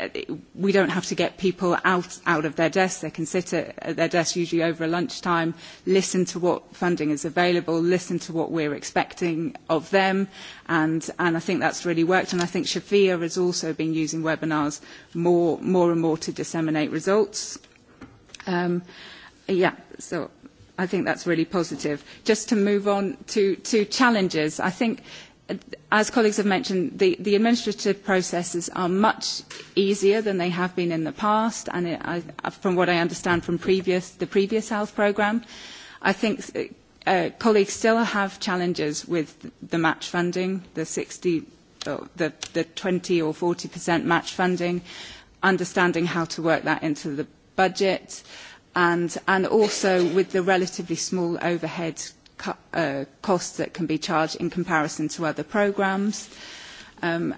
Uh, we don't have to get people out, out of their desks. They can sit at, at their desk usually over lunchtime, listen to what funding is available, listen to what we're expecting of them. And, and I think that's really worked. And I think Shafia has also been using webinars more, more and more to disseminate results. Um, yeah, so I think that's really positive. Just to move on to, to challenges, I think as colleagues have mentioned, the, the administrative processes are much easier than they have been in the past, and it, I, uh, from what I understand from previous, the previous health programme, I think uh, uh, colleagues still have challenges with the match funding, the 60, oh, uh, the, the 20 or 40% match funding, understanding how to work that into the budget, and, and also with the relatively small overhead uh, costs that can be charged in comparison to other programmes. Um,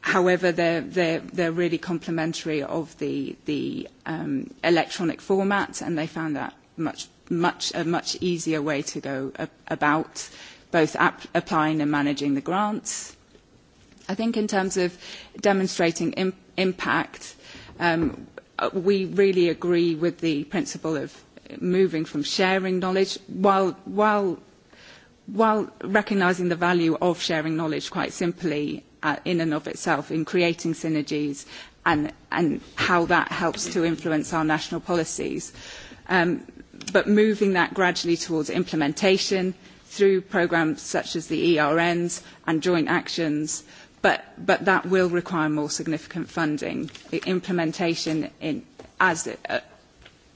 however, they're, they're, they're really complementary of the, the um, electronic format, and they found that much, much, a much easier way to go about both ap applying and managing the grants. I think in terms of demonstrating imp impact, um, uh, we really agree with the principle of moving from sharing knowledge while, while, while recognising the value of sharing knowledge quite simply uh, in and of itself in creating synergies and, and how that helps to influence our national policies. Um, but moving that gradually towards implementation through programmes such as the ERNs and joint actions, but, but that will require more significant funding. The implementation in, as a, uh,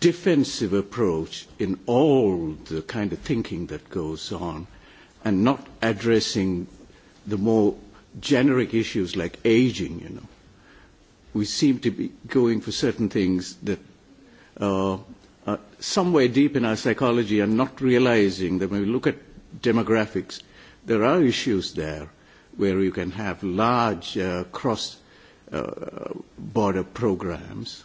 defensive approach in all the kind of thinking that goes on and not addressing the more generic issues like aging, you know. We seem to be going for certain things that uh, are somewhere deep in our psychology and not realizing that when we look at demographics, there are issues there where you can have large uh, cross-border uh, programs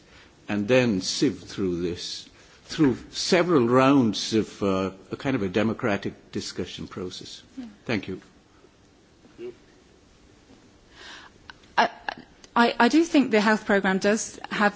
and then sieve through this through several rounds of uh, a kind of a democratic discussion process. Yeah. Thank you. I, I do think the health programme does have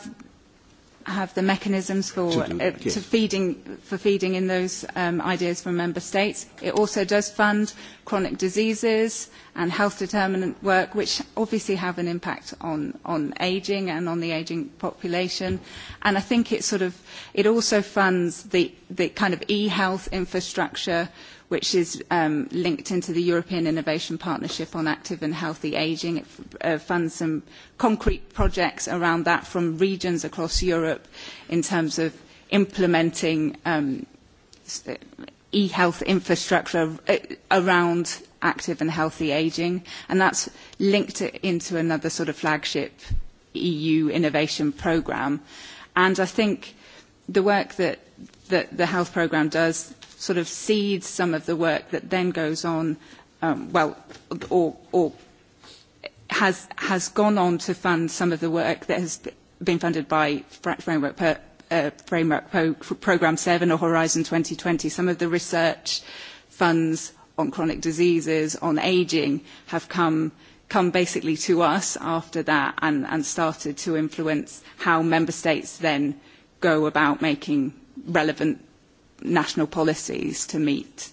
have the mechanisms for, uh, to feeding, for feeding in those um, ideas from member states. It also does fund chronic diseases and health determinant work, which obviously have an impact on, on ageing and on the ageing population. And I think it sort of, it also funds the, the kind of e-health infrastructure uh, which is um, linked into the European Innovation Partnership on Active and Healthy Ageing. It uh, funds some concrete projects around that from regions across Europe in terms of implementing um, uh, e-health infrastructure uh, around active and healthy ageing, and that's linked into another sort of flagship EU innovation programme. And I think the work that, that the health programme does sort of seeds some of the work that then goes on, um, well, or, or has, has gone on to fund some of the work that has been funded by Framework, per, uh, framework pro, Programme 7 or Horizon 2020. Some of the research funds on chronic diseases, on ageing, have come come basically to us after that and, and started to influence how member states then go about making relevant national policies to meet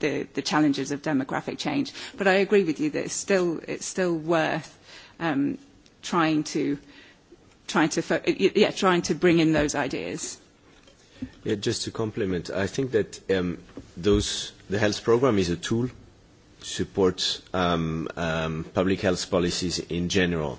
the, the challenges of demographic change. But I agree with you that it's still, it's still worth um, trying to, trying to, fo- yeah, trying to bring in those ideas. Yeah, just to complement, I think that um, those, the health program is a tool to support um, um, public health policies in general.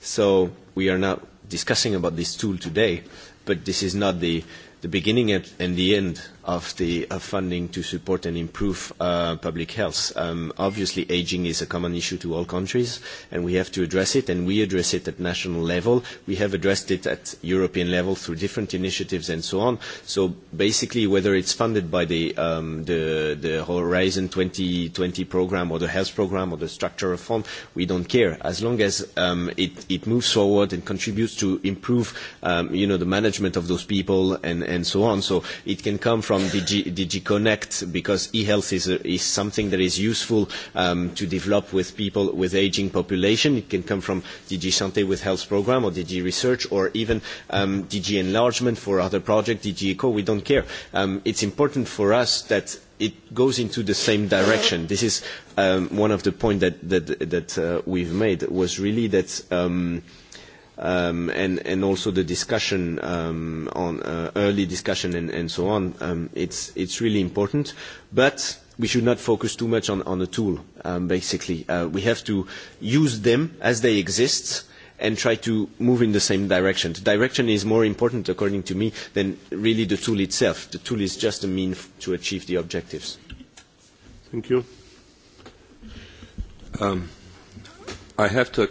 So we are not discussing about this tool today, but this is not the the beginning and, and the end of the funding to support and improve uh, public health. Um, obviously, aging is a common issue to all countries, and we have to address it, and we address it at national level. We have addressed it at European level through different initiatives and so on. So basically, whether it's funded by the, um, the, the Horizon 2020 program or the health program or the structural fund, we don't care. As long as um, it, it moves forward and contributes to improve um, you know, the management of those people and, and so on. So it can come from from DG, DG Connect because e-health is, a, is something that is useful um, to develop with people with aging population. It can come from DG Santé with health program or DG Research or even um, DG Enlargement for other projects, DG Eco, we don't care. Um, it's important for us that it goes into the same direction. This is um, one of the points that, that, that uh, we've made was really that um, – um, and, and also the discussion um, on uh, early discussion and, and so on, um, it's, it's really important. But we should not focus too much on, on the tool, um, basically. Uh, we have to use them as they exist and try to move in the same direction. The direction is more important, according to me, than really the tool itself. The tool is just a mean to achieve the objectives. Thank you. Um, I have to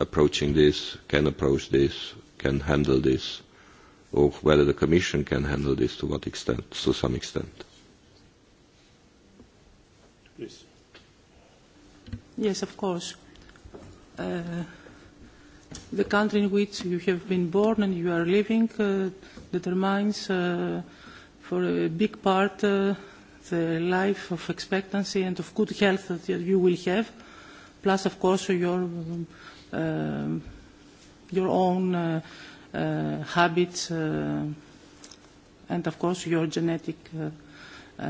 approaching this, can approach this, can handle this, or whether the Commission can handle this to what extent, to some extent. Please. Yes, of course. Uh, the country in which you have been born and you are living uh, determines uh, for a big part uh, the life of expectancy and of good health that you will have, plus, of course, your um, uh your own uh, uh, habits uh, and of course your genetic uh, uh,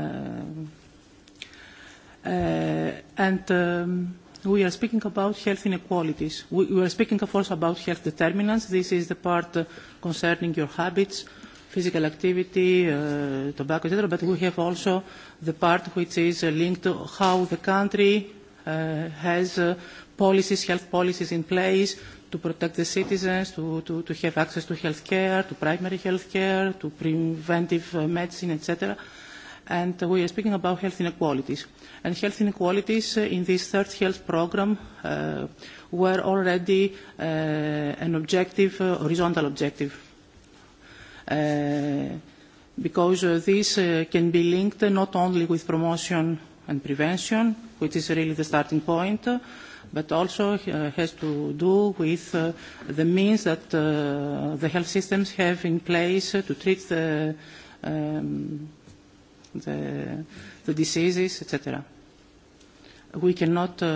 uh, and um, we are speaking about health inequalities. We, we are speaking, of course, about health determinants. This is the part uh, concerning your habits, physical activity, uh, tobacco, etc. But we have also the part which is uh, linked to how the country uh, has uh, policies, health policies in place to protect the citizens, to, to, to have access to health care, to primary health care, to preventive uh, medicine, etc. And we are speaking about health inequalities. And health inequalities uh, in this third health programme uh, were already uh, an objective, uh, horizontal objective. Uh, because uh, this uh, can be linked not only with promotion and prevention, which is really the starting point, uh, but also uh, has to do with uh, the means that uh, the health systems have in place to treat the, um, the, the diseases, etc. We cannot, uh,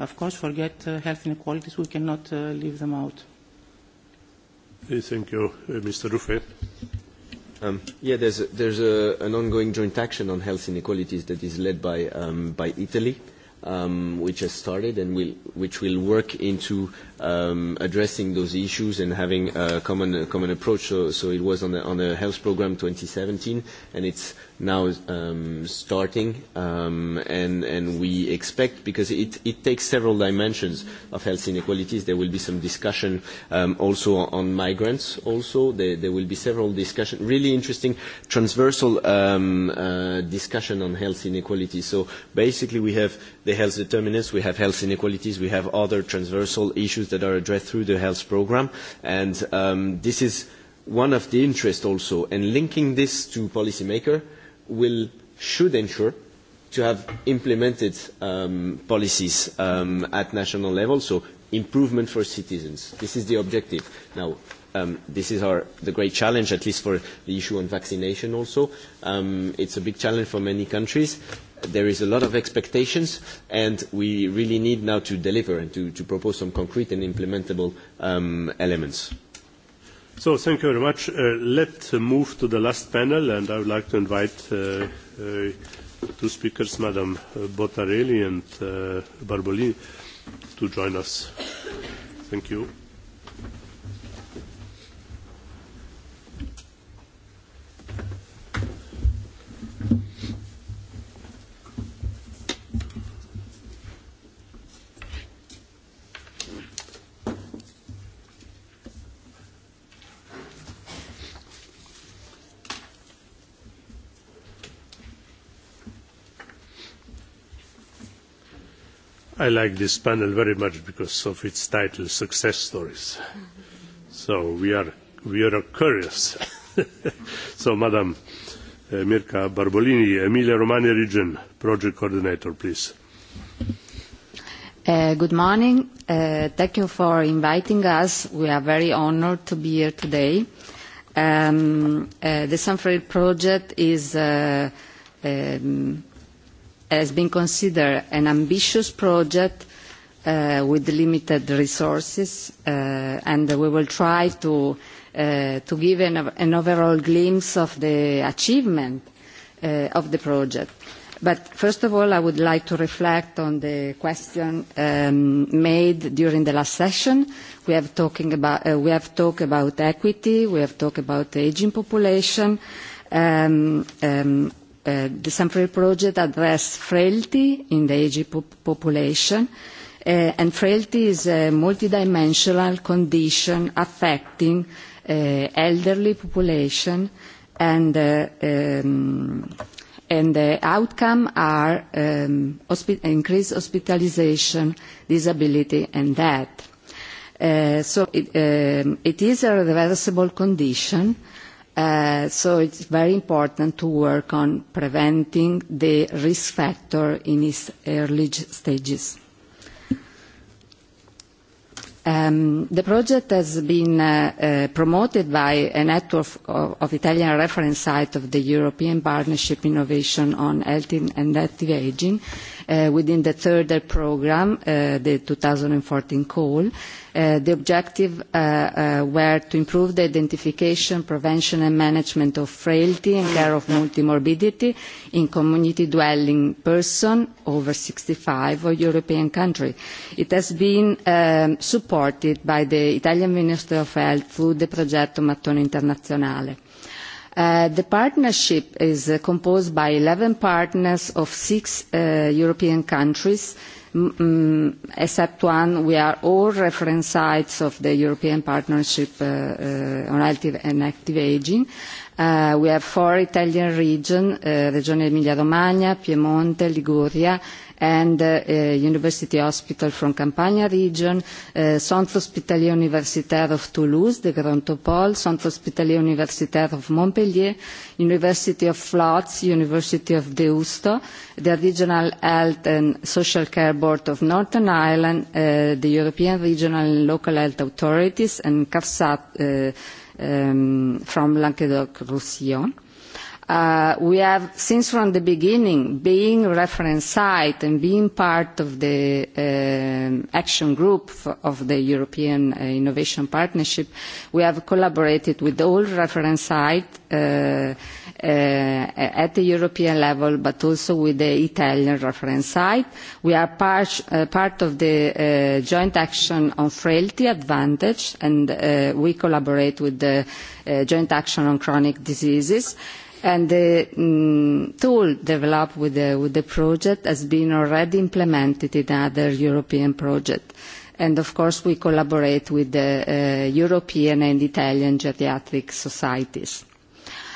of course, forget uh, health inequalities. We cannot uh, leave them out. Thank you, uh, Mr. Ruffet. Um, yeah, there's, a, there's a, an ongoing joint action on health inequalities that is led by, um, by Italy um, which has started and will, which will work into um, addressing those issues and having a common, a common approach. So, so it was on the on a health program 2017, and it's now um, starting, um, and, and we expect, because it, it takes several dimensions of health inequalities, there will be some discussion um, also on migrants also. There, there will be several discussion, really interesting transversal um, uh, discussion on health inequalities. So basically we have the health determinants, we have health inequalities, we have other transversal issues that are addressed through the health programme, and um, this is one of the interests also. And linking this to policymaker will should ensure to have implemented um, policies um, at national level, so improvement for citizens. This is the objective. Now, um, this is our, the great challenge, at least for the issue on vaccination also. Um, it's a big challenge for many countries, there is a lot of expectations, and we really need now to deliver and to, to propose some concrete and implementable um, elements. So thank you very much. Uh, let's move to the last panel, and I would like to invite uh, uh, two speakers, Madam Bottarelli and uh, Barbolini, to join us. Thank you. I like this panel very much because of its title, Success Stories. So we are, we are curious. so, Madam uh, Mirka Barbolini, Emilia-Romagna region, project coordinator, please. Uh, good morning. Uh, thank you for inviting us. We are very honored to be here today. Um, uh, the Sanfrail project is uh, um, has been considered an ambitious project uh, with limited resources, uh, and we will try to, uh, to give an, an overall glimpse of the achievement uh, of the project. But first of all, I would like to reflect on the question um, made during the last session. We have, talking about, uh, we have talked about equity, we have talked about the aging population, um, um, the Sanfrail project addresses frailty in the aging population, uh, and frailty is a multidimensional condition affecting uh, elderly population, and, uh, um, and the outcome are um, hospi increased hospitalization, disability, and death. Uh, so it, um, it is a reversible condition, Uh, so it's very important to work on preventing the risk factor in its early stages. Um, the project has been uh, uh, promoted by a network of, of Italian reference sites of the European Partnership Innovation on Healthy and Active Aging uh, within the third programme, uh, the 2014 call, Uh, the objective uh, uh, were to improve the identification, prevention and management of frailty and care of multimorbidity in community dwelling person over sixty five or European country. It has been um, supported by the Italian Ministry of Health through the Progetto Mattone Internazionale. Uh, the partnership is uh, composed by eleven partners of six uh, European countries um, except one, we are all reference sites of the European Partnership uh, uh, on Active and Active Aging. Uh, we have four Italian regions, uh, Regione Emilia-Romagna, Piemonte, Liguria, and uh, uh, University Hospital from Campania region, uh, Centre Hospitalier Universitaire of Toulouse, the Grantopole, Centre Hospitalier Universitaire of Montpellier, University of Flots, University of Deusto, the Regional Health and Social Care Board of Northern Ireland, uh, the European Regional and Local Health Authorities, and CARSAT uh, um, from Languedoc-Roussillon. Uh, we have, since from the beginning, being reference site and being part of the um, action group of the European uh, Innovation Partnership, we have collaborated with all reference sites uh, uh, at the European level, but also with the Italian reference site. We are part, uh, part of the uh, joint action on frailty advantage, and we collaborate with the joint action on chronic diseases. Uh, And the um, tool developed with the, with the project has been already implemented in other European projects. And of course, we collaborate with the uh, European and Italian geriatric societies.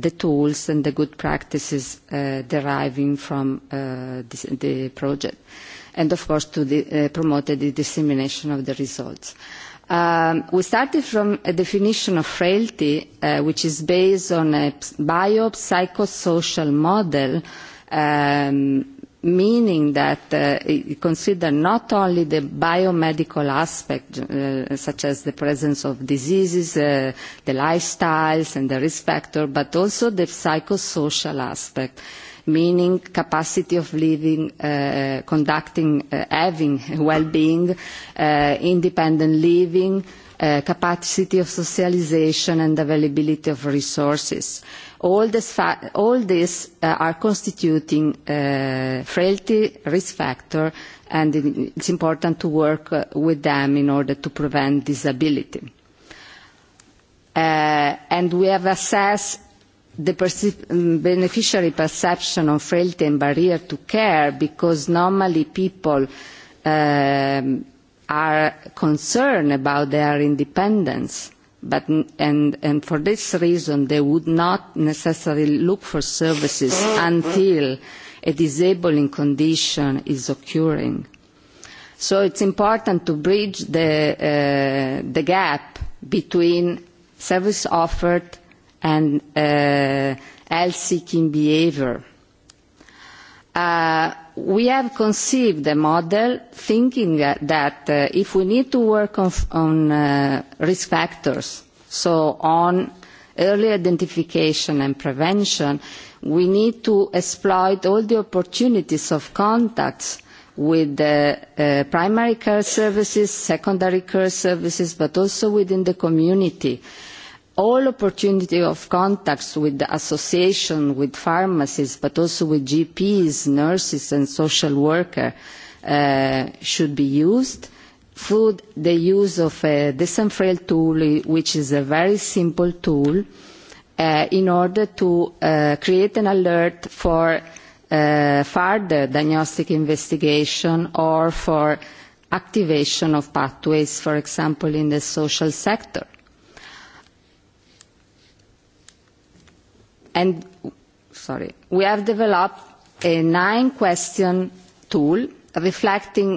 the tools and the good practices uh, deriving from uh, this, the project, and of course to the, uh, promote the dissemination of the results. Um, we started from a definition of frailty, uh, which is based on a biopsychosocial model um, meaning that uh, it consider not only the biomedical aspect, uh, such as the presence of diseases, uh, the lifestyles and the risk factor, but also the psychosocial aspect, meaning capacity of living, uh, conducting, uh, having well-being, uh, independent living, Eh, capacity of socialization and availability of resources. All, this all these uh, are constituting uh, frailty risk factor and it's important to work uh, with them in order to prevent disability. Uh, and we have assessed the perci mm, beneficiary perception of frailty and barrier to care because normally people um, are concerned about their independence, but, and, and for this reason they would not necessarily look for services until a disabling condition is occurring. So it's important to bridge the, uh, the gap between service offered and uh, health-seeking behaviour. Uh, we have conceived a model thinking that uh, if we need to work on, on uh, risk factors, so on early identification and prevention, we need to exploit all the opportunities of contacts with the uh, primary care services, secondary care services, but also within the community. Uh, all opportunity of contacts with the association, with pharmacists, but also with GPs, nurses and social workers uh, should be used. Through the use of a disenfrail tool, which is a very simple tool, uh, in order to uh, create an alert for uh, further diagnostic investigation or for activation of pathways, for example, in the social sector and sorry, we have developed a nine question tool reflecting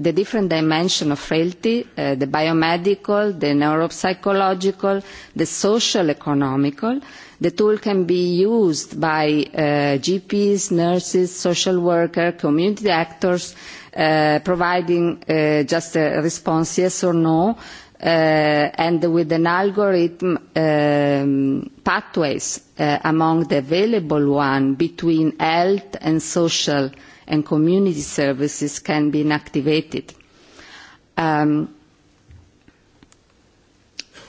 the different dimensions of frailty, uh, the biomedical, the neuropsychological, the social economical. The tool can be used by uh, GPs, nurses, social workers, community actors, uh, providing uh, just a response yes or no, uh, and with an algorithm um, pathways uh, among the available one between health and social and community services can be inactivated. Um,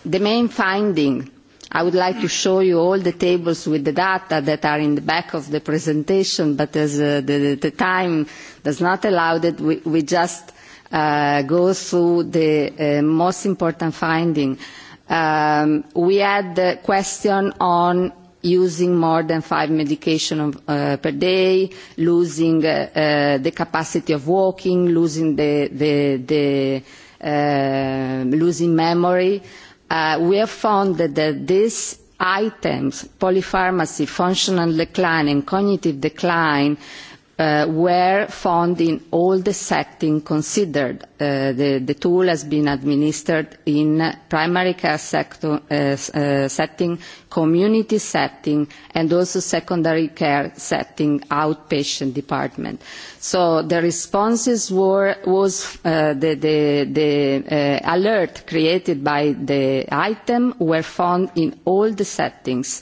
the main finding, I would like to show you all the tables with the data that are in the back of the presentation, but as uh, the, the time does not allow that, we, we just uh, go through the uh, most important finding. Um, we had the question on using more than five medications uh, per day, losing uh, uh, the capacity of walking, losing the, the, the uh, losing memory. Uh, we have found that, that these items, polypharmacy, functional decline and cognitive decline, uh, were found in all the settings considered. Uh, the, the, tool has been administered in primary care sector, uh, uh setting, community setting, and also secondary care setting, outpatient department. So the responses were, was uh, the, the, the uh, alert created by the item were found in all the settings.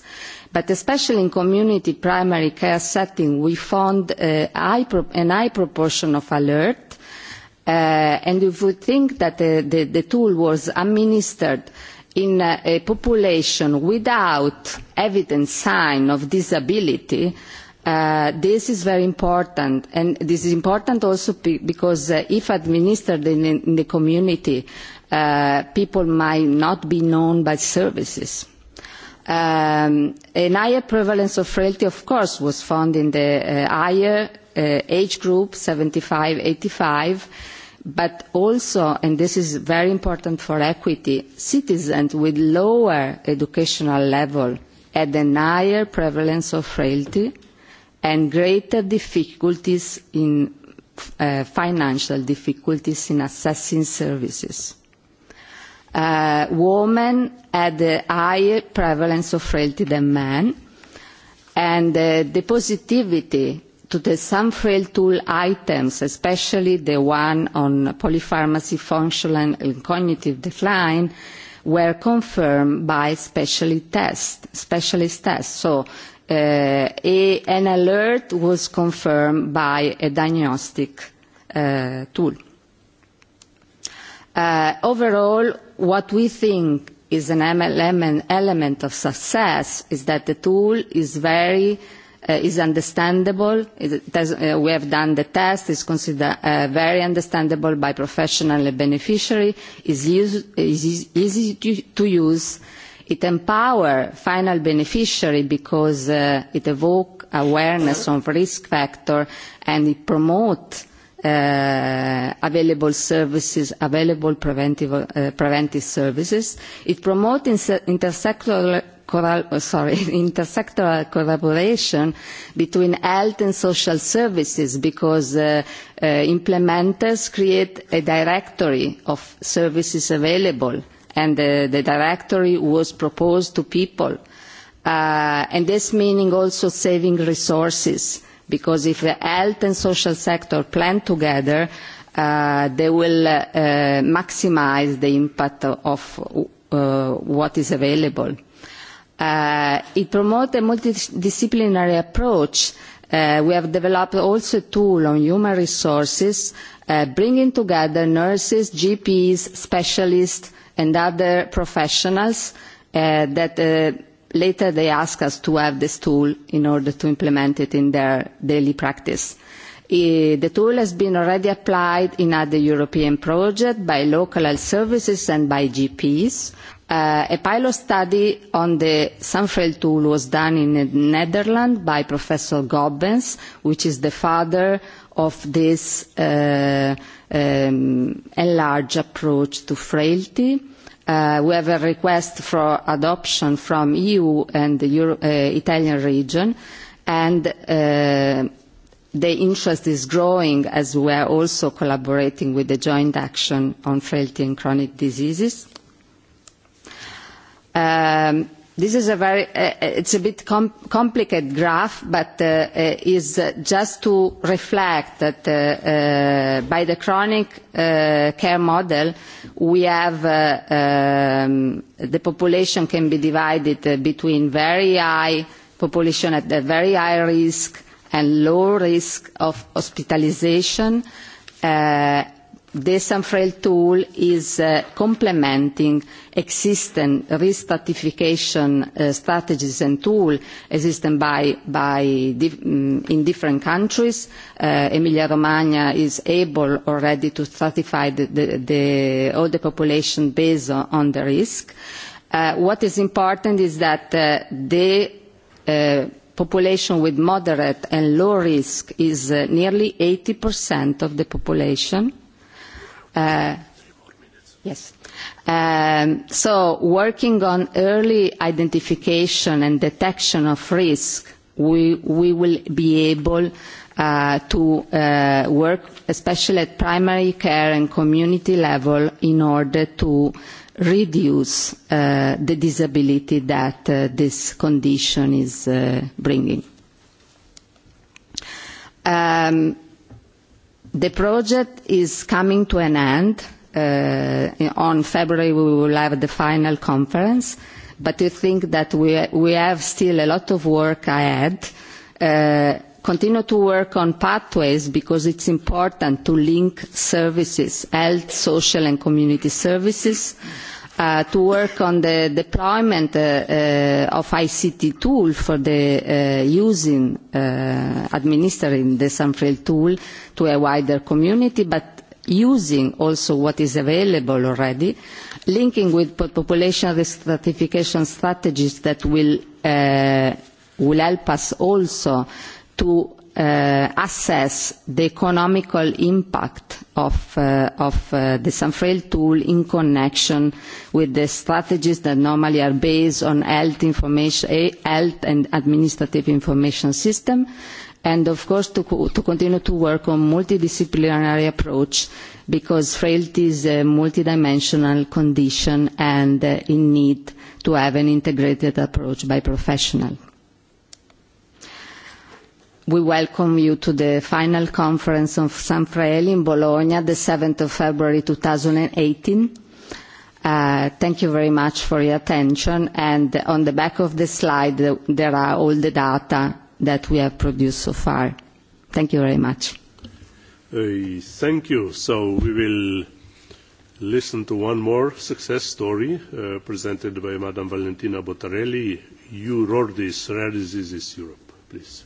But especially in community primary care setting, we found uh, high pro an high proportion of alert. Uh, and if we think that the, the, the tool was administered in a, a population without evident sign of disability, Uh, this is very important and this is important also because uh, if administered in, in the community uh, people might not be known by services um, an higher prevalence of frailty of course was found in the uh, higher uh, age group seventy five eighty five, but also and this is very important for equity citizens with lower educational level had a higher prevalence of frailty and greater difficulties in uh, financial difficulties in accessing services. Uh, women had a higher prevalence of frailty than men, and uh, the positivity to the some frail tool items, especially the one on polypharmacy functional and cognitive decline, were confirmed by specialist tests. Specialist tests. So uh, a, e an alert was confirmed by a diagnostic uh, tool. Uh, overall, what we think is an element, element of success is that the tool is very uh, is understandable. It has, uh, we have done the test. It's considered uh, very understandable by professional and beneficiary. is easy to, use It empowers final beneficiary because uh, it evokes awareness of risk factor and it promotes uh, available services, available preventive, uh, preventive services. It promotes intersectoral Coral, uh, sorry, intersectoral collaboration between health and social services because uh, uh, implementers create a directory of services available and the, the directory was proposed to people. Uh, and this meaning also saving resources, because if the health and social sector plan together, uh, they will uh, uh, maximize the impact of uh, what is available. Uh, it promotes a multidisciplinary approach. Uh, we have developed also a tool on human resources, uh, bringing together nurses, GPs, specialists, and other professionals uh, that uh, later they ask us to have this tool in order to implement it in their daily practice. the tool has been already applied in other European projects by local health services and by GPs. Uh, a pilot study on the Sanfrail tool was done in the Netherlands by Professor Gobbens, which is the father of this uh, um, enlarged approach to frailty. Uh, we have a request for adoption from EU and the Euro uh, Italian region, and uh, the interest is growing as we are also collaborating with the Joint Action on Frailty and Chronic Diseases. Um, This is a very, uh, uh, it's a bit com complicated graph, but uh, uh is uh, just to reflect that uh, by the chronic care model, we have um, the population can be divided between very high population at a very high risk and low risk of hospitalisation. Uh, this umbrella tool is uh, complementing existing risk stratification uh, strategies and tools existing mm, in different countries. Uh, Emilia-Romagna is able already to stratify all the population based on, on the risk. what is important is that the population with moderate and low risk is nearly 80% of the population Uh, yes. Um, so working on early identification and detection of risk, we, we will be able uh, to uh, work, especially at primary care and community level, in order to reduce uh, the disability that uh, this condition is uh, bringing. Um, The project is coming to an end. Uh, on February, we will have the final conference, but I think that we, we have still a lot of work ahead. Uh, continue to work on pathways because it's important to link services, health, social, and community services. Mm -hmm uh, to work on the deployment uh, uh, of ICT tool for the uh, using, uh, administering the Sanfrail tool to a wider community, but using also what is available already, linking with population risk stratification strategies that will, uh, will help us also to uh, assess the economical impact of, uh, of uh, the Sanfrail tool in connection with the strategies that normally are based on health, information, eh, health and administrative information system, and of course to, co to continue to work on multidisciplinary approach because frailty is a multidimensional condition and uh, in need to have an integrated approach by professionals we welcome you to the final conference of San Fraele in Bologna, the 7th of February 2018. Uh, thank you very much for your attention. And on the back of the slide, there are all the data that we have produced so far. Thank you very much. Uh, thank you. So we will listen to one more success story uh, presented by Madame Valentina Bottarelli, this Rare Diseases Europe. Please.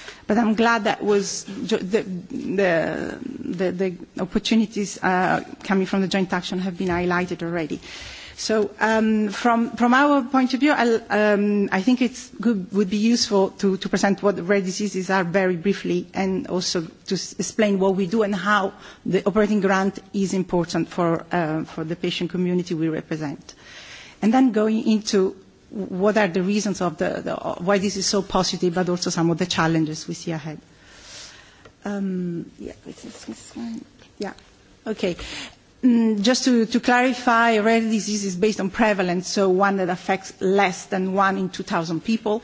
But I'm glad that was the, the, the, the opportunities uh, coming from the joint action have been highlighted already. So um, from, from our point of view, I'll, um, I think it would be useful to, to present what rare diseases are very briefly and also to s explain what we do and how the operating grant is important for, uh, for the patient community we represent. And then going into what are the reasons of the, the, why this is so positive, but also some of the challenges we see ahead. Um, yeah, this it's, yeah, okay. Mm, just to, to clarify, rare disease is based on prevalence, so one that affects less than one in 2,000 people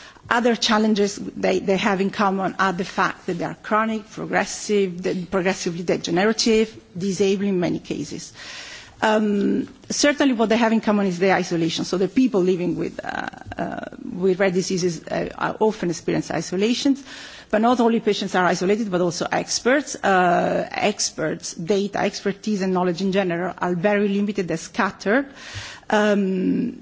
other challenges they, they have in common are the fact that they are chronic, progressive, progressively degenerative, disabling in many cases. Um, certainly what they have in common is their isolation. So the people living with, uh, uh, with rare diseases uh, often experience isolation. But not only patients are isolated, but also experts. Uh, experts, data, expertise, and knowledge in general are very limited, they're scattered. Um,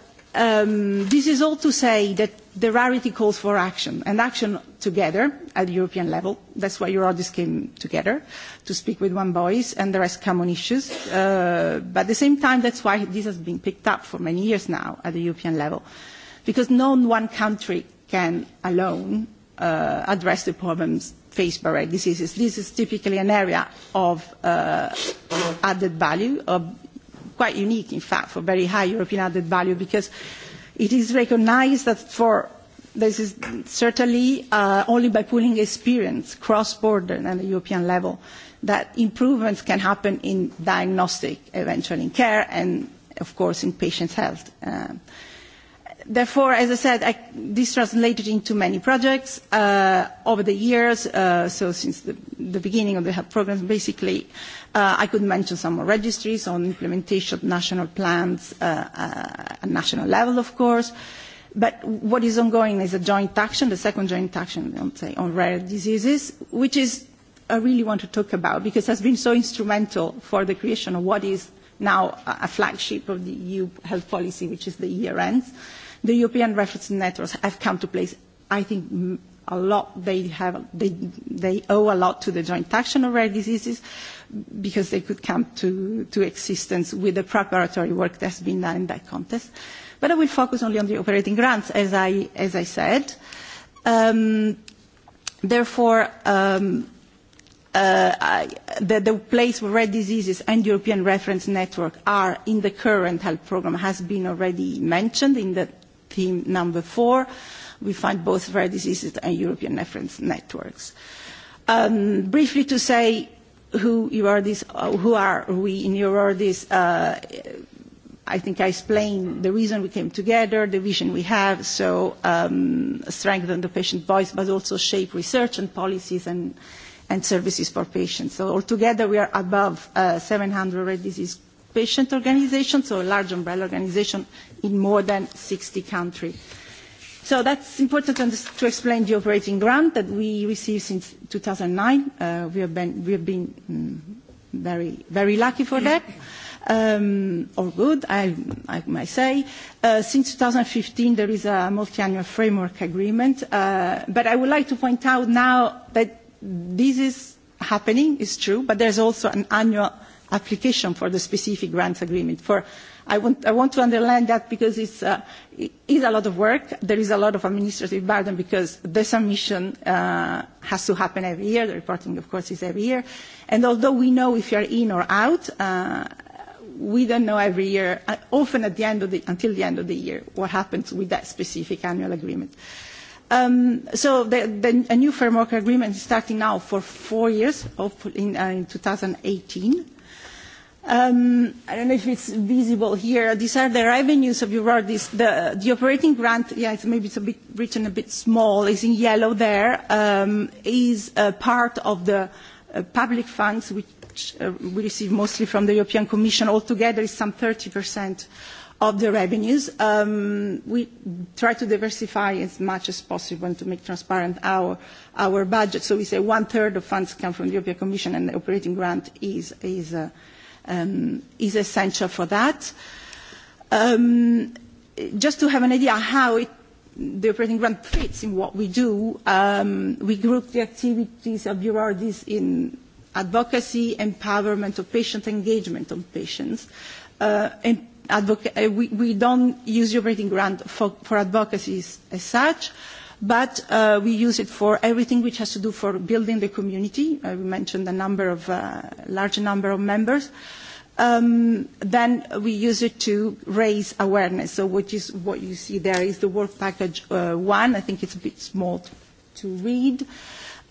Um, this is all to say that the rarity calls for action, and action together at the European level. That's why Eurodis came together, to speak with one voice and the rest common issues. Uh, but at the same time, that's why this has been picked up for many years now at the European level, because no one country can alone uh, address the problems faced by rare diseases. This is typically an area of uh, added value, of quite unique, in fact, for very high European added value, because it is recognised that for this is certainly uh, only by pooling experience cross-border and at European level that improvements can happen in diagnostic, eventually in care, and of course in patient health. Um, Therefore, as I said, I, this translated into many projects uh, over the years. Uh, so since the, the beginning of the help program, basically, uh, I could mention some more registries on implementation of national plans uh, uh, at national level, of course. But what is ongoing is a joint action, the second joint action, I'll say, on rare diseases, which is I really want to talk about because it has been so instrumental for the creation of what is now a flagship of the EU health policy, which is the year ends. Uh, The European reference networks have come to place, I think, a lot, they, have, they, they owe a lot to the joint action of rare diseases because they could come to, to existence with the preparatory work that's been done in that context. But I will focus only on the operating grants, as I, as I said. Um, therefore, um, uh, I, the, the place where rare diseases and European reference network are in the current health programme has been already mentioned in the theme number four, we find both rare diseases and European reference networks. Um, briefly to say who you are, this, uh, who are we in Eurordis, uh, I think I explained the reason we came together, the vision we have, so um, strengthen the patient voice, but also shape research and policies and, and services for patients. So altogether we are above uh, 700 rare disease patient organizations, so a large umbrella organisation in more than 60 countries. So that's important to, explain the operating grant that we received since 2009. Uh, we have been, we have been mm, very, very lucky for that, um, or good, I, I might say. Uh, since 2015, there is a multi-annual framework agreement. Uh, but I would like to point out now that this is happening, it's true, but there's also an annual application for the specific grant agreement. For, I, want, I want to underline that because it's, uh, it is a lot of work. There is a lot of administrative burden because the submission uh, has to happen every year. The reporting, of course, is every year. And although we know if you are in or out, uh, we don't know every year, uh, often at the end of the, until the end of the year, what happens with that specific annual agreement. Um, so the, the, a new framework agreement is starting now for four years, hopefully in, uh, in 2018. Um, I don't know if it's visible here. These are the revenues of Euror. This, the, the operating grant, yeah, it's maybe it's a bit written a bit small, is in yellow there, um, is a part of the uh, public funds which uh, we receive mostly from the European Commission. Altogether it's some 30% of the revenues. Um, we try to diversify as much as possible and to make transparent our, our budget. So we say one-third of funds come from the European Commission and the operating grant is, is uh, um, is essential for that. Um, just to have an idea how it, the operating grant fits in what we do, um, we group the activities of URDs in advocacy, empowerment of patient engagement on patients. Uh, and advoca- uh, we, we don't use the operating grant for, for advocacy as such but uh, we use it for everything which has to do for building the community. Uh, we mentioned the number of, uh, large number of members. Um, then we use it to raise awareness. So what, is, what you see there is the work package uh, one. I think it's a bit small to, read.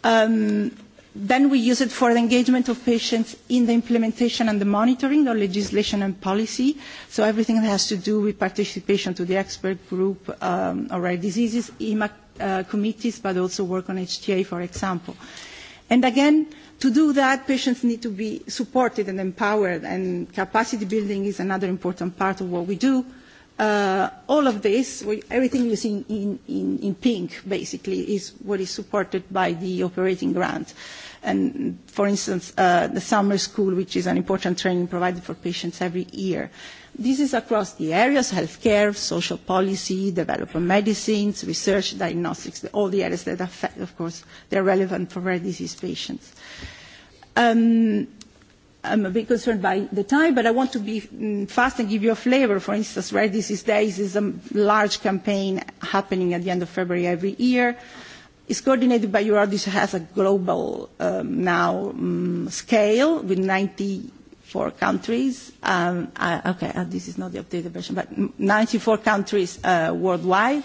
Um, then we use it for the engagement of patients in the implementation and the monitoring of legislation and policy. So everything that has to do with participation to the expert group um, on rare diseases, IMAC Uh, committees, but also work on HTA, for example. And again, to do that, patients need to be supported and empowered, and capacity building is another important part of what we do. Uh, all of this, we, everything you see in, in, in pink, basically, is what is supported by the operating grant. Uh, And for instance, uh, the summer school, which is an important training provided for patients every year. This is across the areas, healthcare, social policy, development medicines, research, diagnostics, all the areas that affect, of course, they're relevant for rare disease patients. Um, I'm a bit concerned by the time, but I want to be um, fast and give you a flavor. For instance, Rare Disease Days is a large campaign happening at the end of February every year is coordinated by Eurodis, has a global um, now um, scale with 94 countries. Um, uh, okay, uh, this is not the updated version, but 94 countries uh, worldwide.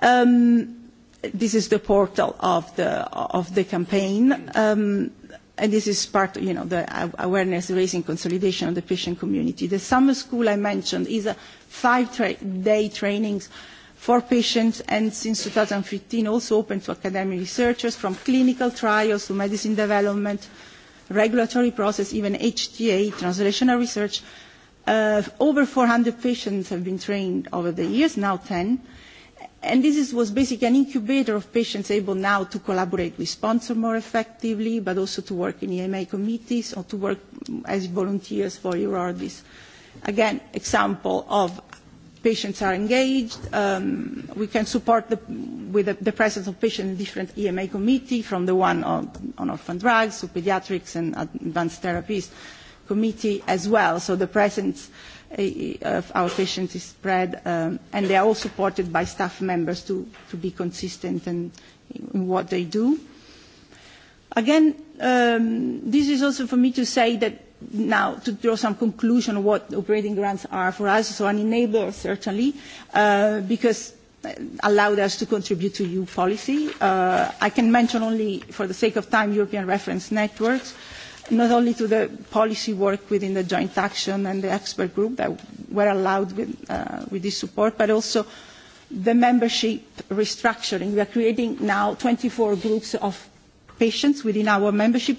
Um, this is the portal of the, of the campaign. Um, and this is part of you know, the awareness raising consolidation of the patient community. The summer school I mentioned is a five-day tra training for patients and since fifteen also open to academic researchers from clinical trials to medicine development, regulatory process, even HTA, translational research. Uh, over four hundred patients have been trained over the years, now ten, And this is, was basically an incubator of patients able now to collaborate with sponsors more effectively, but also to work in EMA committees or to work as volunteers for EURORDIS. Again, example of patients are engaged. Um, we can support the, with the, the presence of patients in different EMA committees, from the one on, on orphan drugs to pediatrics and advanced therapies committee as well. So the presence eh, eh, of our patients is spread, um, and they are all supported by staff members to, to be consistent in, in what they do. Again, um, this is also for me to say that now to draw some conclusion on what operating grants are for us, so an enabler certainly, uh, because uh, allowed us to contribute to EU policy. Uh, I can mention only, for the sake of time, European reference networks, not only to the policy work within the joint action and the expert group that were allowed with, uh, with this support, but also the membership restructuring. We are creating now 24 groups of patients within our membership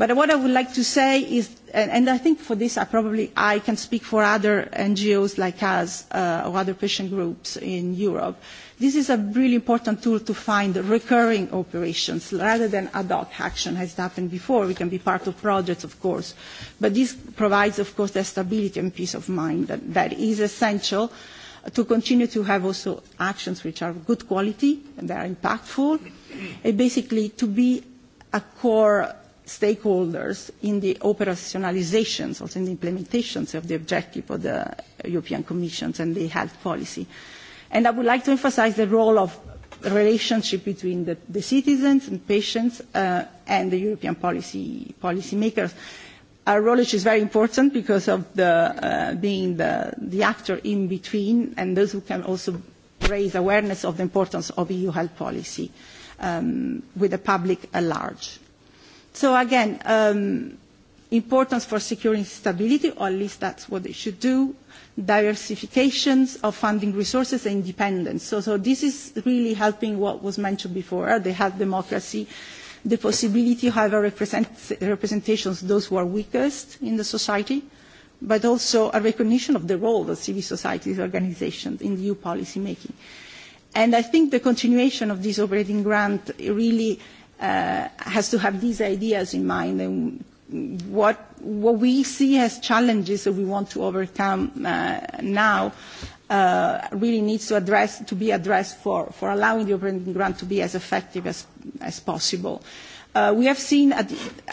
But what I would like to say is, and, and I think for this I probably I can speak for other NGOs like us uh, or other patient groups in Europe, this is a really important tool to find recurring operations rather than ad hoc action as happened before. We can be part of projects, of course, but this provides, of course, the stability and peace of mind that, that is essential to continue to have also actions which are of good quality and they are impactful, and basically to be a core stakeholders in the operationalizations, also in the implementations of the objective of the European Commission and the health policy. And I would like to emphasize the role of the relationship between the, the citizens and patients uh, and the European policy, policy makers. Our role is very important because of the, uh, being the, the actor in between and those who can also raise awareness of the importance of EU health policy um, with the public at large. So again, um, importance for securing stability, or at least that's what they should do, diversifications of funding resources and independence. So, so this is really helping what was mentioned before. Uh, they have democracy, the possibility to have a represent, representation of those who are weakest in the society, but also a recognition of the role of civil society organisations in EU policy making. And I think the continuation of this operating grant really uh, has to have these ideas in mind and what, what we see as challenges that we want to overcome uh, now uh, really needs to, address, to be addressed for, for allowing the operating grant to be as effective as, as possible. Uh, we have seen a, a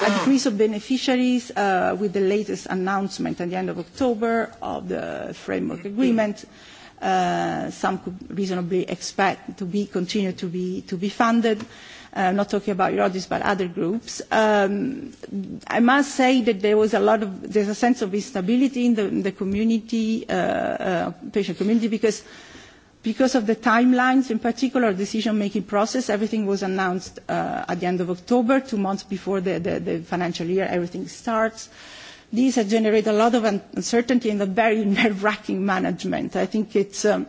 decrease of beneficiaries uh, with the latest announcement at the end of October of the framework agreement. Uh, some could reasonably expect to be, continue to be, to be funded. Uh, I'm uh, not talking about Eurodis but other groups. Um, I must say that there was a lot of, there's a sense of instability in the, in the community, uh, uh, patient community, because because of the timelines, in particular decision-making process, everything was announced uh, at the end of October, two months before the, the, the financial year, everything starts. These have generated a lot of uncertainty in a very nerve-wracking management. I think it's, um,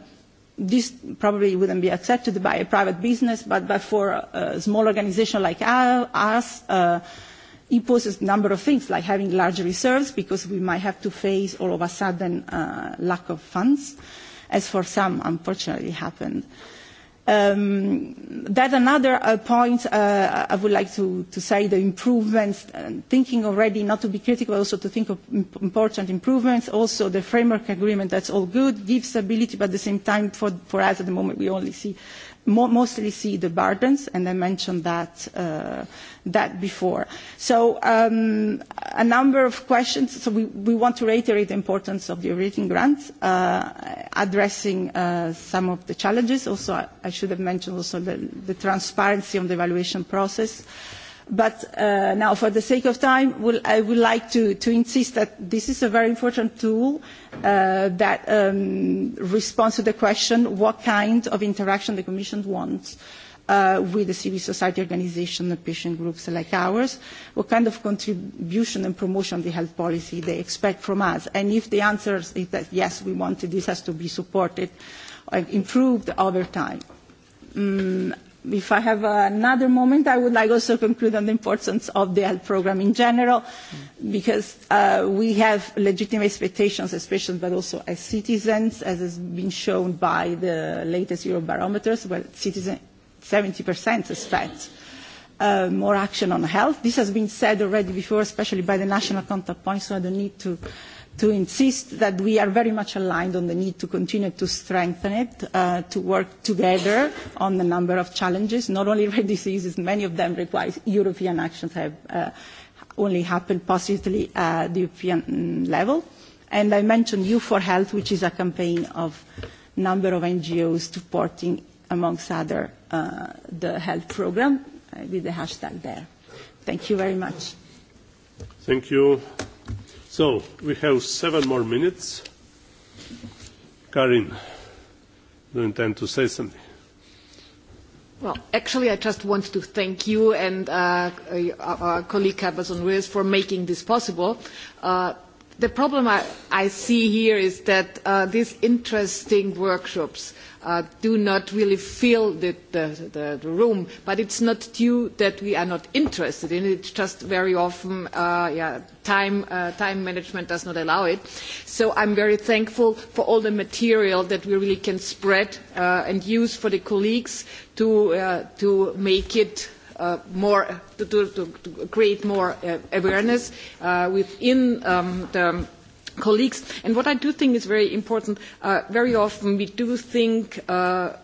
this probably wouldn't be accepted by a private business, but, but for a small organization like us uh, it poses a number of things, like having large reserves, because we might have to face all of a sudden uh, lack of funds, as for some unfortunately happened. Uh, Um, that another uh, point uh, I would like to, to say the improvements, uh, thinking already not to be critical, also to think of important improvements. Also the framework agreement, that's all good, gives stability, but at the same time for, for us at the moment we only see mostly see the burdens, and I mentioned that, uh, that before. So um, a number of questions. So we, we want to reiterate the importance of the origin grant, uh, addressing uh, some of the challenges. Also, I, I should have mentioned also the, the transparency on the evaluation process. Uh, But uh, now, for the sake of time, we'll, I would like to, to insist that this is a very important tool uh, that um, responds to the question what kind of interaction the Commission wants uh, with the civil society organization and patient groups like ours, what kind of contribution and promotion the health policy they expect from us. And if the answer is that yes, we want it, this has to be supported and improved over time. Um, if I have another moment, I would like also to conclude on the importance of the health program in general, because uh, we have legitimate expectations as patients, but also as citizens, as has been shown by the latest Eurobarometers, where citizens 70% expect uh, more action on health. This has been said already before, especially by the national contact points, so I don't need to to insist that we are very much aligned on the need to continue to strengthen it, uh, to work together on the number of challenges, not only rare diseases, many of them require European actions have uh, only happened positively at the European mm, level. And I mentioned You for Health, which is a campaign of a number of NGOs supporting, amongst other, uh, the health program uh, with the hashtag there. Thank you very much. Thank you. So, we have seven more minutes. Karin, do you intend to say something? Well, actually, I just want to thank you and uh, uh our colleague Cabazon Ruiz for making this possible. Uh, The problem I, I see here is that uh, these interesting workshops uh, do not really fill the, the, the, the room, but it's not due that we are not interested in it. It's just very often uh, yeah, time, uh, time, management does not allow it. So I am very thankful for all the material that we really can spread uh, and use for the colleagues to, uh, to make it uh, more to, to, to create more uh, awareness uh, within um, the colleagues. And what I do think is very important, uh, very often we do think uh,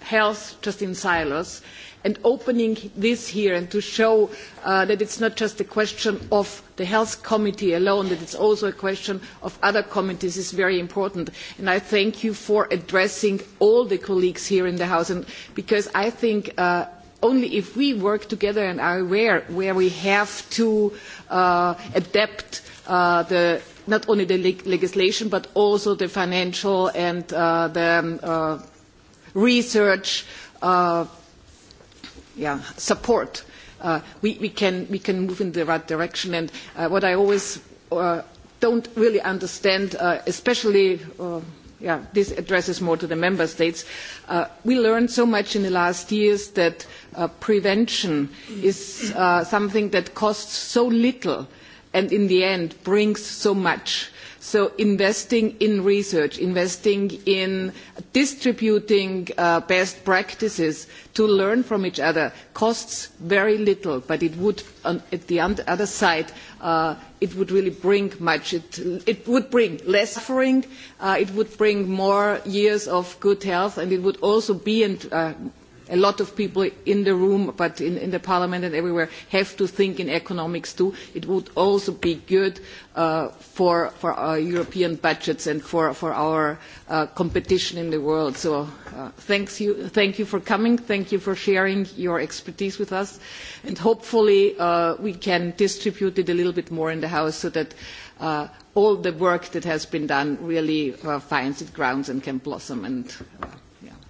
health just in silos. And opening this here and to show uh, that it's not just a question of the health committee alone, that it's also a question of other committees is very important. And I thank you for addressing all the colleagues here in the House, and because I think uh, only if we work together and are aware where we have to uh, adapt uh, the, not only the legislation but also the financial and uh, the um, uh, research uh, yeah, support. Uh, we, we, can, we can move in the right direction. And what I always uh, don't really understand, especially yeah, this addresses more to the member states. Uh, we learned so much in the last years that uh, prevention is uh, something that costs so little and in the end brings so much so investing in research, investing in distributing uh, best practices to learn from each other costs very little, but it would, on, at the other side, uh, it would really bring much. It, it would bring less suffering, uh, it would bring more years of good health, and it would also be, and uh, a lot of people in the room, but in, in the parliament and everywhere, have to think in economics too. It would also be good uh, for, for our European budgets and for, for our uh, competition in the world. So uh, thanks you, thank you for coming. Thank you for sharing your expertise with us. And hopefully uh, we can distribute it a little bit more in the House so that uh, all the work that has been done really uh, finds its grounds and can blossom. And, uh,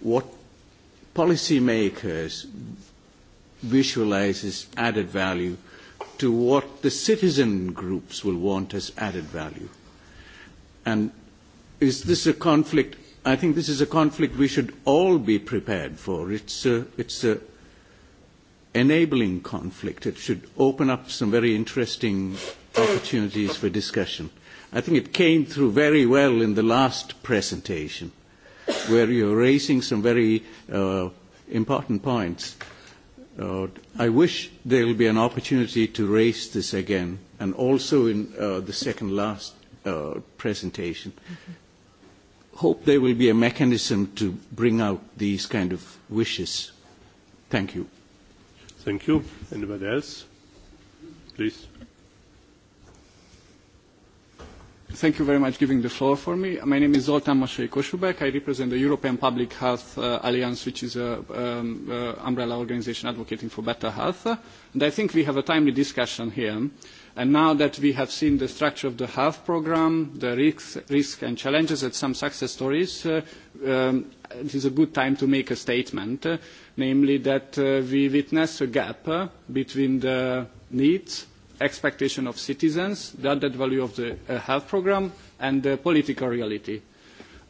what policy makers visualize as added value to what the citizen groups will want as added value. And is this a conflict? I think this is a conflict we should all be prepared for. It's a, it's a enabling conflict. It should open up some very interesting opportunities for discussion. I think it came through very well in the last presentation where you're raising some very uh, important points. Uh, I wish there will be an opportunity to raise this again, and also in uh, the second last uh, presentation. Mm-hmm. Hope there will be a mechanism to bring out these kind of wishes. Thank you. Thank you. Anybody else? Please. Thank you very much for giving the floor for me. My name is Zoltán Masai Kosubek. I represent the European Public Health uh, Alliance, which is an um, uh, umbrella organization advocating for better health. And I think we have a timely discussion here. And now that we have seen the structure of the health program, the risks, risk and challenges and some success stories, uh, um, it is a good time to make a statement, uh, namely that uh, we witness a gap uh, between the needs expectation of citizens, the added value of the uh, health programme, and the political reality.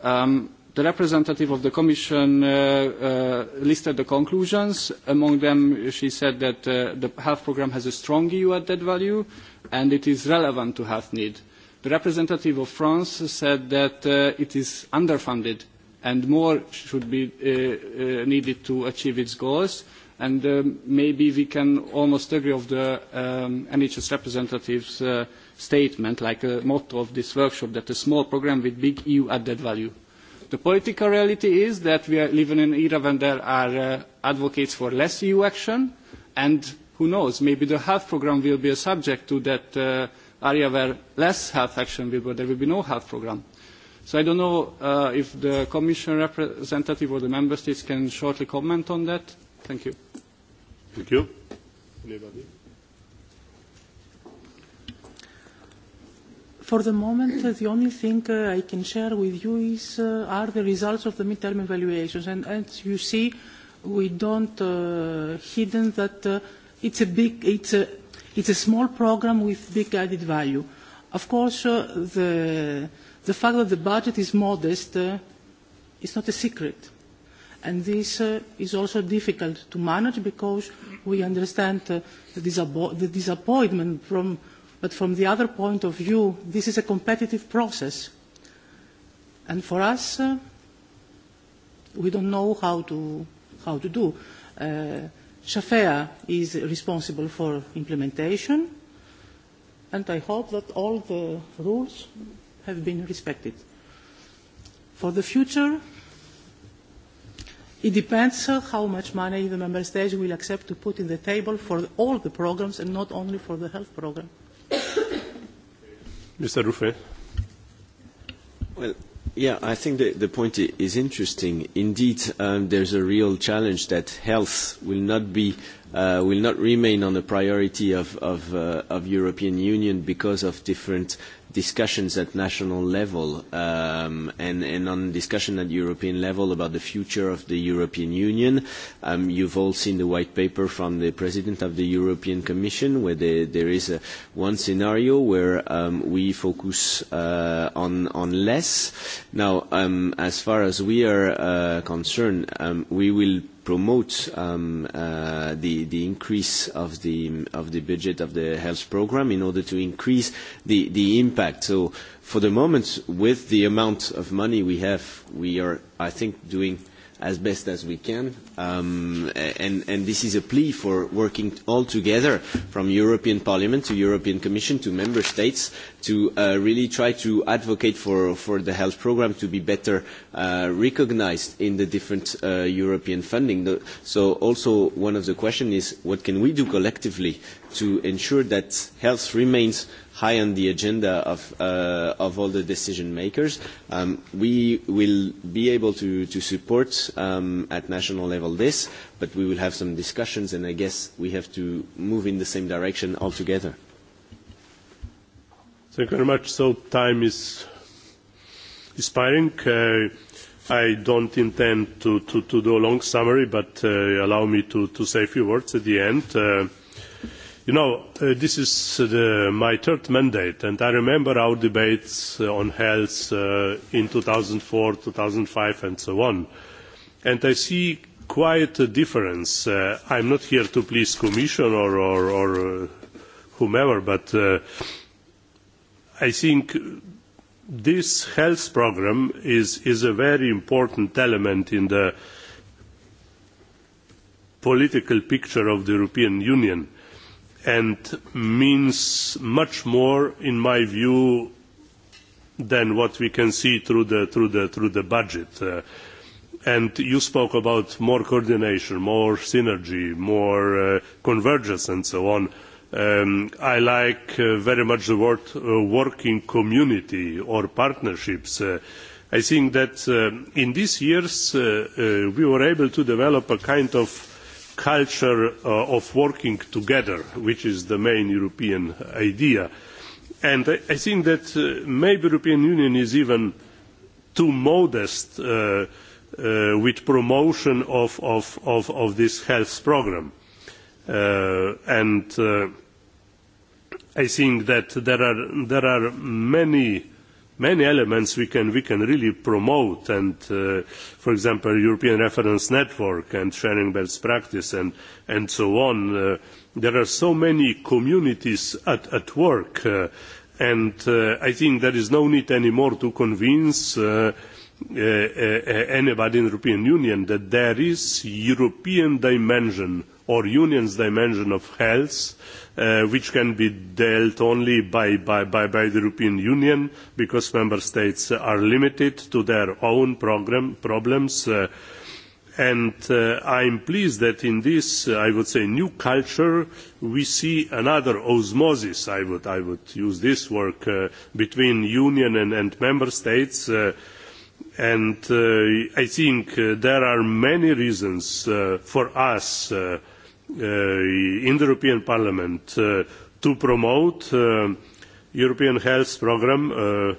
Um, the representative of the Commission uh, uh, listed the conclusions. Among them, she said that uh, the health programme has a strong EU added value, and it is relevant to health need. The representative of France said that uh, it is underfunded, and more should be uh, needed to achieve its goals and um, maybe we can almost agree on the um, NHS representative's uh, statement, like a motto of this workshop, that a small programme with big EU added value. The political reality is that we are living in an era when there are uh, advocates for less EU action, and who knows, maybe the health programme will be a subject to that uh, area where less health action will be, but there will be no health programme. So I don't know uh, if the Commission representative or the Member States can shortly comment on that. Thank you. Thank you. Anybody? For the moment, uh, the only thing uh, I can share with you is, uh, are the results of the midterm evaluations. And as you see, we don't uh, hidden that uh, it's a big, it's a, it's a small program with big added value. Of course, uh, the, the fact that the budget is modest uh, is not a secret And this uh, is also difficult to manage because we understand uh, the, disabo- the disappointment from, but from the other point of view, this is a competitive process. And for us, uh, we don't know how to, how to do. Uh, Shafea is responsible for implementation, and I hope that all the rules have been respected. For the future, It depends how much money the member states will accept to put in the table for all the programs and not only for the health program. Mr. Ruffet. Well, yeah, I think the, the point is interesting. Indeed, um, there's a real challenge that health will not be uh, will not remain on the priority of of, uh, of European Union because of different uh, discussions at national level um, and, and on discussion at European level about the future of the European Union. Um, you've all seen the white paper from the President of the European Commission where they, there is a, one scenario where um, we focus uh, on, on less. Now, um, as far as we are uh, concerned, um, we will promote um, uh, the, the increase of the, of the budget of the health program in order to increase the, the impact impact. So for the moment, with the amount of money we have, we are, I think, doing as best as we can. Um, and, this is a plea for working all together from European Parliament to European Commission to Member States to uh, really try to advocate for, the health programme to be better uh, recognized recognised in the different uh, European funding. So also one of the questions is what can we do collectively to ensure that health remains high on the agenda of, uh, of all the decision makers. Um, we will be able to, to support um, at national level this, but we will have some discussions and I guess we have to move in the same direction altogether. Thank you very much. So time is expiring. Uh, I don't intend to, to, to do a long summary, but uh, allow me to, to say a few words at the end. Uh, You know, uh, this is uh, my third mandate, and I remember our debates uh, on health in two thousand and so on. And I see quite a difference. I am not here to please the Commission or, or, whomever, but I think this health programme is a very important element in the political picture of the European Union and means much more, in my view, than what we can see through the, through the, through the budget. Uh, and you spoke about more coordination, more synergy, more uh, convergence, and so on. Um, I like uh, very much the word uh, working community or partnerships. Uh, I think that uh, in these years we were able to develop a kind of culture uh, of working together, which is the main European idea. And I, I think that uh, maybe the European Union is even too modest uh, uh, with promotion of, of, of, of this health programme. Uh, and uh, I think that there are, there are many many elements we can, we can really promote and uh, for example the european reference network and sharing best practice and, and so on uh, there are so many communities at, at work uh, and uh, i think there is no need anymore to convince uh, uh, anybody in the european union that there is a european dimension or unions dimension of health, uh, which can be dealt only by, by, by, by the European Union because member states are limited to their own program, problems. Uh, and uh, I am pleased that in this, uh, I would say, new culture, we see another osmosis, I would, I would use this word uh, between union and, and member states. Uh, and I think there are many reasons for us uh, Uh, in the European Parliament uh, to promote the uh, European Health Programme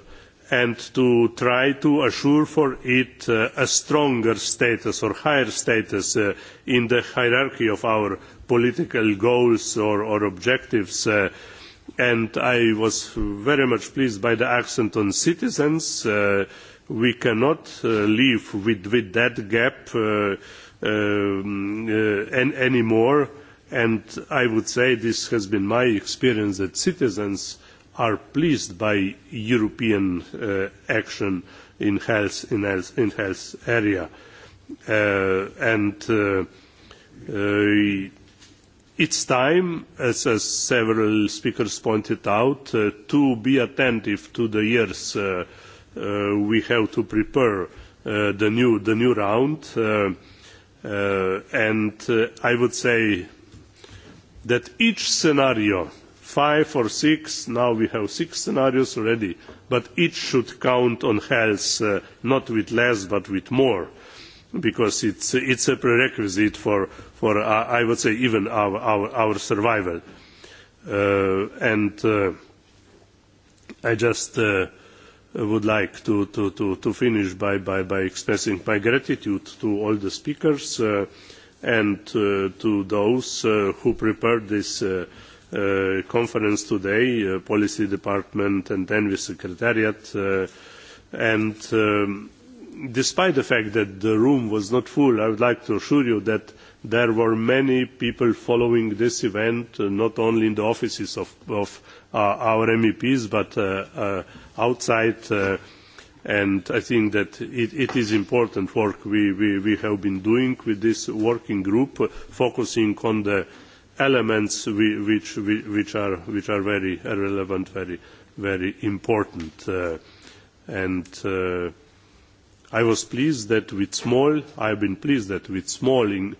and to try to assure for it a stronger status or higher status in the hierarchy of our political goals or, objectives and I was very much pleased by the accent on citizens. we cannot live with, that gap um, uh, anymore. And I would say this has been my experience that citizens are pleased by European uh, action in health in health in health area, uh, and uh, uh, it's time, as, as several speakers pointed out, uh, to be attentive to the years uh, uh, we have to prepare uh, the new the new round. Uh, Uh, and uh, I would say that each scenario, five or six, now we have six scenarios already, but each should count on health, uh, not with less, but with more, because it's, it's a prerequisite for, for uh, I would say, even our, our, our survival. Uh, and uh, I just would like to, to, to, to finish by, by, by expressing my gratitude to all the speakers uh, and uh, to those uh, who prepared this uh, uh, conference today, the uh, Policy Department and Envy Secretariat. and um, despite the fact that the room was not full, I would like to assure you that there were many people following this event, not only in the offices of, of our MEPs, but outside. Uh, and I think that it, it is important work we, we, we have been doing with this working group, uh, focusing on the elements we, which, which, are, which are very relevant, very, very important. Uh, and uh, I was pleased that with small, I have been pleased that with small, in,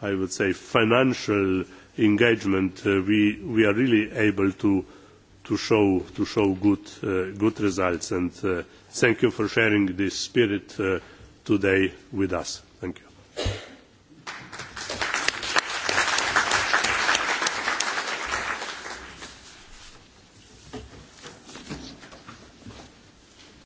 I would say, financial engagement, uh, we, we are really able to to show, to show good, uh, good results. And uh, thank you for sharing this spirit uh, today with us. Thank you.